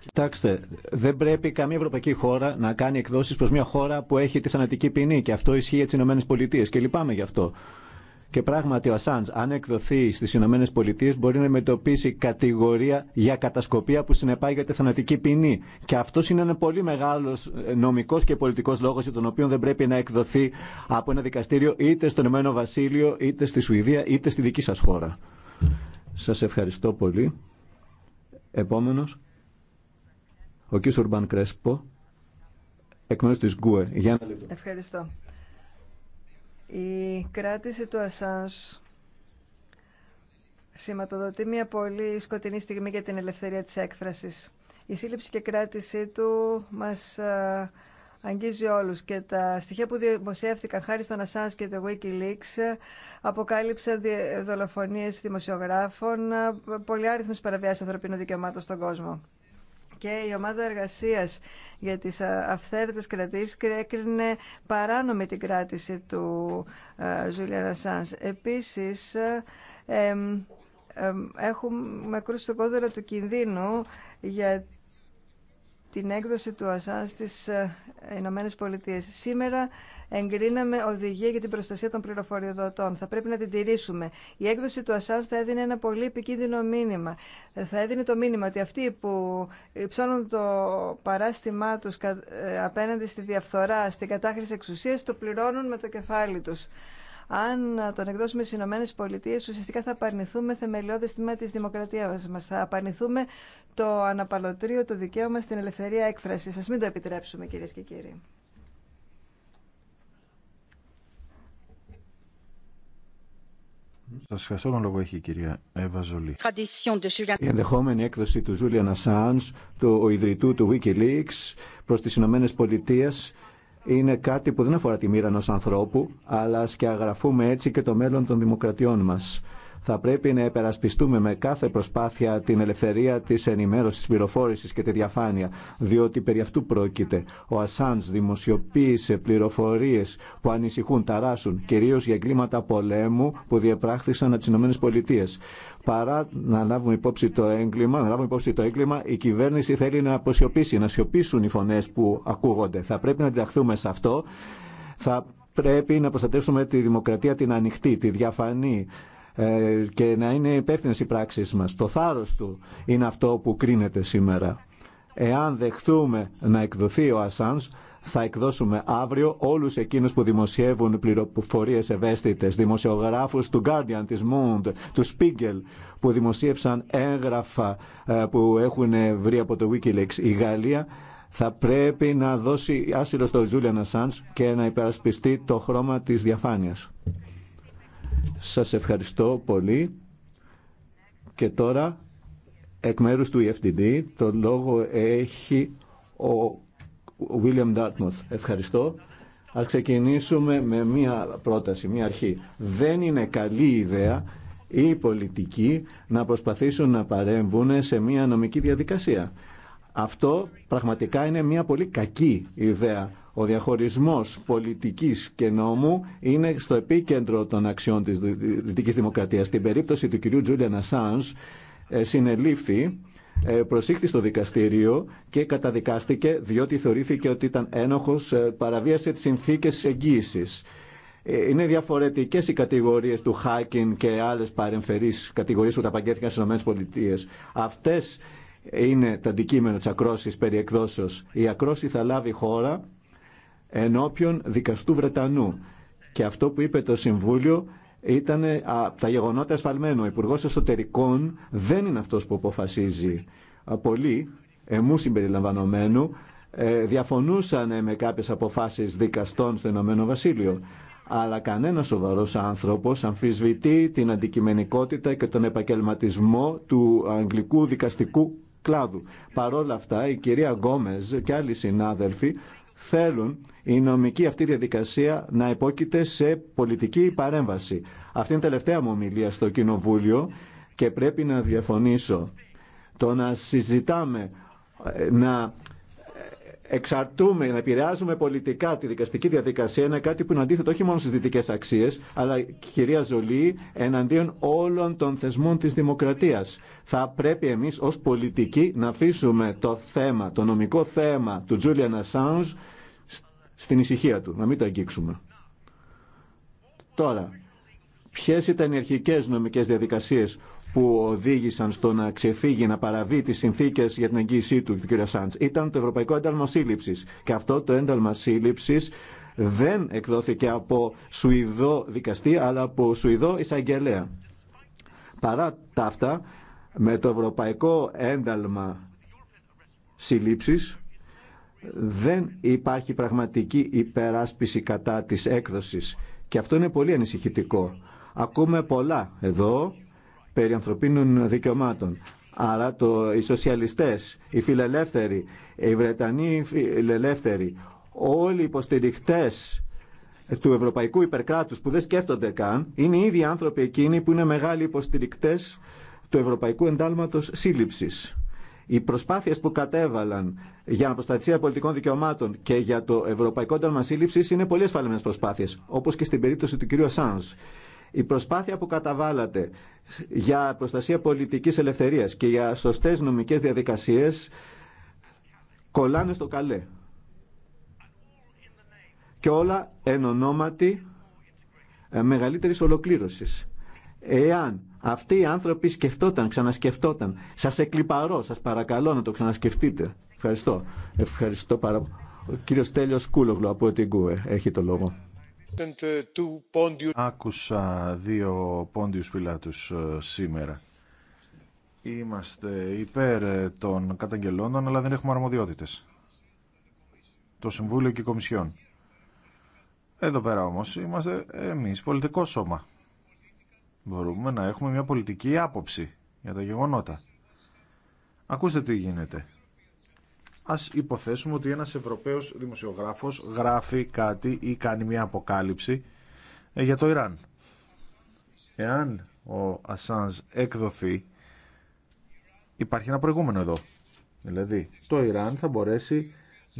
B: Κοιτάξτε, δεν πρέπει καμία ευρωπαϊκή χώρα να κάνει εκδόσει προ μια χώρα που έχει τη θανατική ποινή και αυτό ισχύει για τι Ηνωμένες και λυπάμαι γι' αυτό. Και πράγματι ο Ασάντ, αν εκδοθεί στι Ηνωμένε Πολιτείε, μπορεί να μετωπίσει κατηγορία για κατασκοπία που συνεπάγεται θανατική ποινή. Και αυτό είναι ένα πολύ μεγάλο ε, νομικό και πολιτικό λόγο για τον οποίο δεν πρέπει να εκδοθεί από ένα δικαστήριο είτε στον Ηνωμένο Βασίλειο, είτε στη Σουηδία, είτε στη δική σα χώρα. Σας ευχαριστώ πολύ. Επόμενο, ο κ. Ουρμπαν Κρέσπο, εκ μέρου τη ΓΚΟΕ.
C: Ευχαριστώ. Η κράτηση του Ασάνς σηματοδοτεί μια πολύ σκοτεινή στιγμή για την ελευθερία της έκφρασης. Η σύλληψη και κράτησή του μας ε, αγγίζει όλους και τα στοιχεία που δημοσιεύτηκαν χάρη στον Ασάνς και το Wikileaks ε, αποκάλυψαν δολοφονίες δημοσιογράφων, ε, πολλοί άριθμες παραβιάσεις ανθρωπίνων δικαιωμάτων στον κόσμο και η ομάδα εργασίας για τις αυθαίρετες κρατήσεις έκρινε παράνομη την κράτηση του Ζούλια Ρασάνς. Επίσης, έχουμε κρούσει το κόδωρο του κινδύνου για την έκδοση του ΑΣΑΝ στι ε, Ηνωμένε Πολιτείε. Σήμερα εγκρίναμε οδηγία για την προστασία των πληροφοριοδοτών. Θα πρέπει να την τηρήσουμε. Η έκδοση του ΑΣΑΝ θα έδινε ένα πολύ επικίνδυνο μήνυμα. Θα έδινε το μήνυμα ότι αυτοί που ψώνουν το παράστημά τους ε, απέναντι στη διαφθορά, στην κατάχρηση εξουσίας, το πληρώνουν με το κεφάλι του. Αν τον εκδώσουμε στι Ηνωμένε Πολιτείε, ουσιαστικά θα απαρνηθούμε θεμελιώδε τμήμα τη δημοκρατία μα. Θα απαρνηθούμε το αναπαλωτρίο, το δικαίωμα στην ελευθερία έκφραση. Α μην το επιτρέψουμε, κυρίε και κύριοι.
B: Σα ευχαριστώ. Τον λόγο έχει η κυρία Εύα Ζολή. Η ενδεχόμενη έκδοση του Ζούλιαν Ασάν, του ιδρυτού του Wikileaks, προ τι Ηνωμένε Πολιτείε, είναι κάτι που δεν αφορά τη μοίρα ενός ανθρώπου, αλλά αγραφούμε έτσι και το μέλλον των δημοκρατιών μας. Θα πρέπει να επερασπιστούμε με κάθε προσπάθεια την ελευθερία τη ενημέρωση, τη πληροφόρηση και τη διαφάνεια, διότι περί αυτού πρόκειται. Ο Ασάντ δημοσιοποίησε πληροφορίε που ανησυχούν, ταράσουν, κυρίω για εγκλήματα πολέμου που διεπράχθησαν από τι ΗΠΑ. Παρά να λάβουμε υπόψη το έγκλημα, να λάβουμε υπόψη το έγκλημα, η κυβέρνηση θέλει να αποσιωπήσει, να σιωπήσουν οι φωνέ που ακούγονται. Θα πρέπει να ενταχθούμε σε αυτό. Θα πρέπει να προστατεύσουμε τη δημοκρατία την ανοιχτή, τη διαφανή, ε, και να είναι υπεύθυνε οι πράξεις μας. Το θάρρος του είναι αυτό που κρίνεται σήμερα. Εάν δεχθούμε να εκδοθεί ο Ασάνς, θα εκδώσουμε αύριο όλους εκείνους που δημοσιεύουν πληροφορίες ευαίσθητες, δημοσιογράφους του Guardian, της Moon, του Spiegel, που δημοσίευσαν έγγραφα ε, που έχουν βρει από το Wikileaks. Η Γαλλία θα πρέπει να δώσει άσυλο στο Julian Assange και να υπερασπιστεί το χρώμα της διαφάνειας. Σας ευχαριστώ πολύ. Και τώρα, εκ μέρους του EFTD, το λόγο έχει ο William Dartmouth. Ευχαριστώ. Ας ξεκινήσουμε με μία πρόταση, μία αρχή. Δεν είναι καλή ιδέα οι πολιτικοί να προσπαθήσουν να παρέμβουν σε μία νομική διαδικασία. Αυτό πραγματικά είναι μία πολύ κακή ιδέα ο διαχωρισμός πολιτικής και νόμου είναι στο επίκεντρο των αξιών της δυτικής δημοκρατίας. Στην περίπτωση του κυρίου Τζούλιαν Ασάνς ε, συνελήφθη ε, προσήχθη στο δικαστήριο και καταδικάστηκε διότι θεωρήθηκε ότι ήταν ένοχος ε, παραβίασε τις συνθήκες εγγύησης. Είναι διαφορετικέ οι κατηγορίε του Χάκιν και άλλε παρεμφερεί κατηγορίε που τα παγκέθηκαν στι ΗΠΑ. Αυτέ είναι τα αντικείμενα τη ακρόση περί εκδόσεως. Η ακρόση θα λάβει χώρα ενώπιον δικαστού Βρετανού. Και αυτό που είπε το Συμβούλιο ήταν από τα γεγονότα ασφαλμένο. Ο Υπουργό Εσωτερικών δεν είναι αυτό που αποφασίζει. Πολλοί, εμού συμπεριλαμβανομένου, ε, διαφωνούσαν ε, με κάποιε αποφάσει δικαστών στο Ηνωμένο Βασίλειο. Αλλά κανένα σοβαρό άνθρωπο αμφισβητεί την αντικειμενικότητα και τον επαγγελματισμό του αγγλικού δικαστικού κλάδου. Παρόλα αυτά, η κυρία Γκόμεζ και άλλοι συνάδελφοι θέλουν η νομική αυτή διαδικασία να υπόκειται σε πολιτική παρέμβαση. Αυτή είναι η τελευταία μου ομιλία στο Κοινοβούλιο και πρέπει να διαφωνήσω. Το να συζητάμε, να εξαρτούμε, να επηρεάζουμε πολιτικά τη δικαστική διαδικασία είναι κάτι που είναι αντίθετο όχι μόνο στις δυτικέ αξίες, αλλά κυρία Ζολή, εναντίον όλων των θεσμών της δημοκρατίας. Θα πρέπει εμείς ως πολιτικοί να αφήσουμε το θέμα, το νομικό θέμα του Τζούλιαν Assange στην ησυχία του, να μην το αγγίξουμε. Τώρα, ποιε ήταν οι αρχικέ νομικέ διαδικασίε που οδήγησαν στο να ξεφύγει, να παραβεί τι συνθήκε για την εγγύησή του, του κ. Σάντ. Ήταν το Ευρωπαϊκό Ένταλμα Σύλληψη. Και αυτό το ένταλμα σύλληψη δεν εκδόθηκε από Σουηδό δικαστή, αλλά από Σουηδό εισαγγελέα. Παρά τα αυτά, με το Ευρωπαϊκό Ένταλμα Σύλληψης, δεν υπάρχει πραγματική υπεράσπιση κατά της έκδοσης και αυτό είναι πολύ ανησυχητικό. Ακούμε πολλά εδώ περί ανθρωπίνων δικαιωμάτων. Άρα το, οι σοσιαλιστές, οι φιλελεύθεροι, οι Βρετανοί φιλελεύθεροι, όλοι οι υποστηριχτές του ευρωπαϊκού υπερκράτους που δεν σκέφτονται καν, είναι οι ίδιοι άνθρωποι εκείνοι που είναι μεγάλοι υποστηρικτές του ευρωπαϊκού εντάλματος σύλληψης. Οι προσπάθειες που κατέβαλαν για την προστασία πολιτικών δικαιωμάτων και για το ευρωπαϊκό τέλμα σύλληψη είναι πολύ ασφαλμένε προσπάθειες, όπως και στην περίπτωση του κυρίου Σάνς. Η προσπάθεια που καταβάλατε για προστασία πολιτικής ελευθερίας και για σωστές νομικές διαδικασίες κολλάνε στο καλέ. Και όλα εν ονόματι μεγαλύτερης ολοκλήρωσης. Εάν αυτοί οι άνθρωποι σκεφτόταν, ξανασκεφτόταν. Σας εκλυπαρώ, σας παρακαλώ να το ξανασκεφτείτε. Ευχαριστώ. Ευχαριστώ πάρα πολύ. Ο κύριο Τέλειος Κούλογλου από την ΚΟΕ έχει το λόγο.
A: Άκουσα δύο πόντιους πιλάτους ε, σήμερα. Είμαστε υπέρ ε, των καταγγελόντων, αλλά δεν έχουμε αρμοδιότητες. Το Συμβούλιο και η Κομισιόν. Εδώ πέρα όμως είμαστε εμείς πολιτικό σώμα. Μπορούμε να έχουμε μια πολιτική άποψη για τα γεγονότα. Ακούστε τι γίνεται. Ας υποθέσουμε ότι ένας Ευρωπαίος δημοσιογράφος γράφει κάτι ή κάνει μια αποκάλυψη ε, για το Ιράν. Εάν ο Ασάνς εκδοθεί, υπάρχει ένα προηγούμενο εδώ. Δηλαδή, το Ιράν θα μπορέσει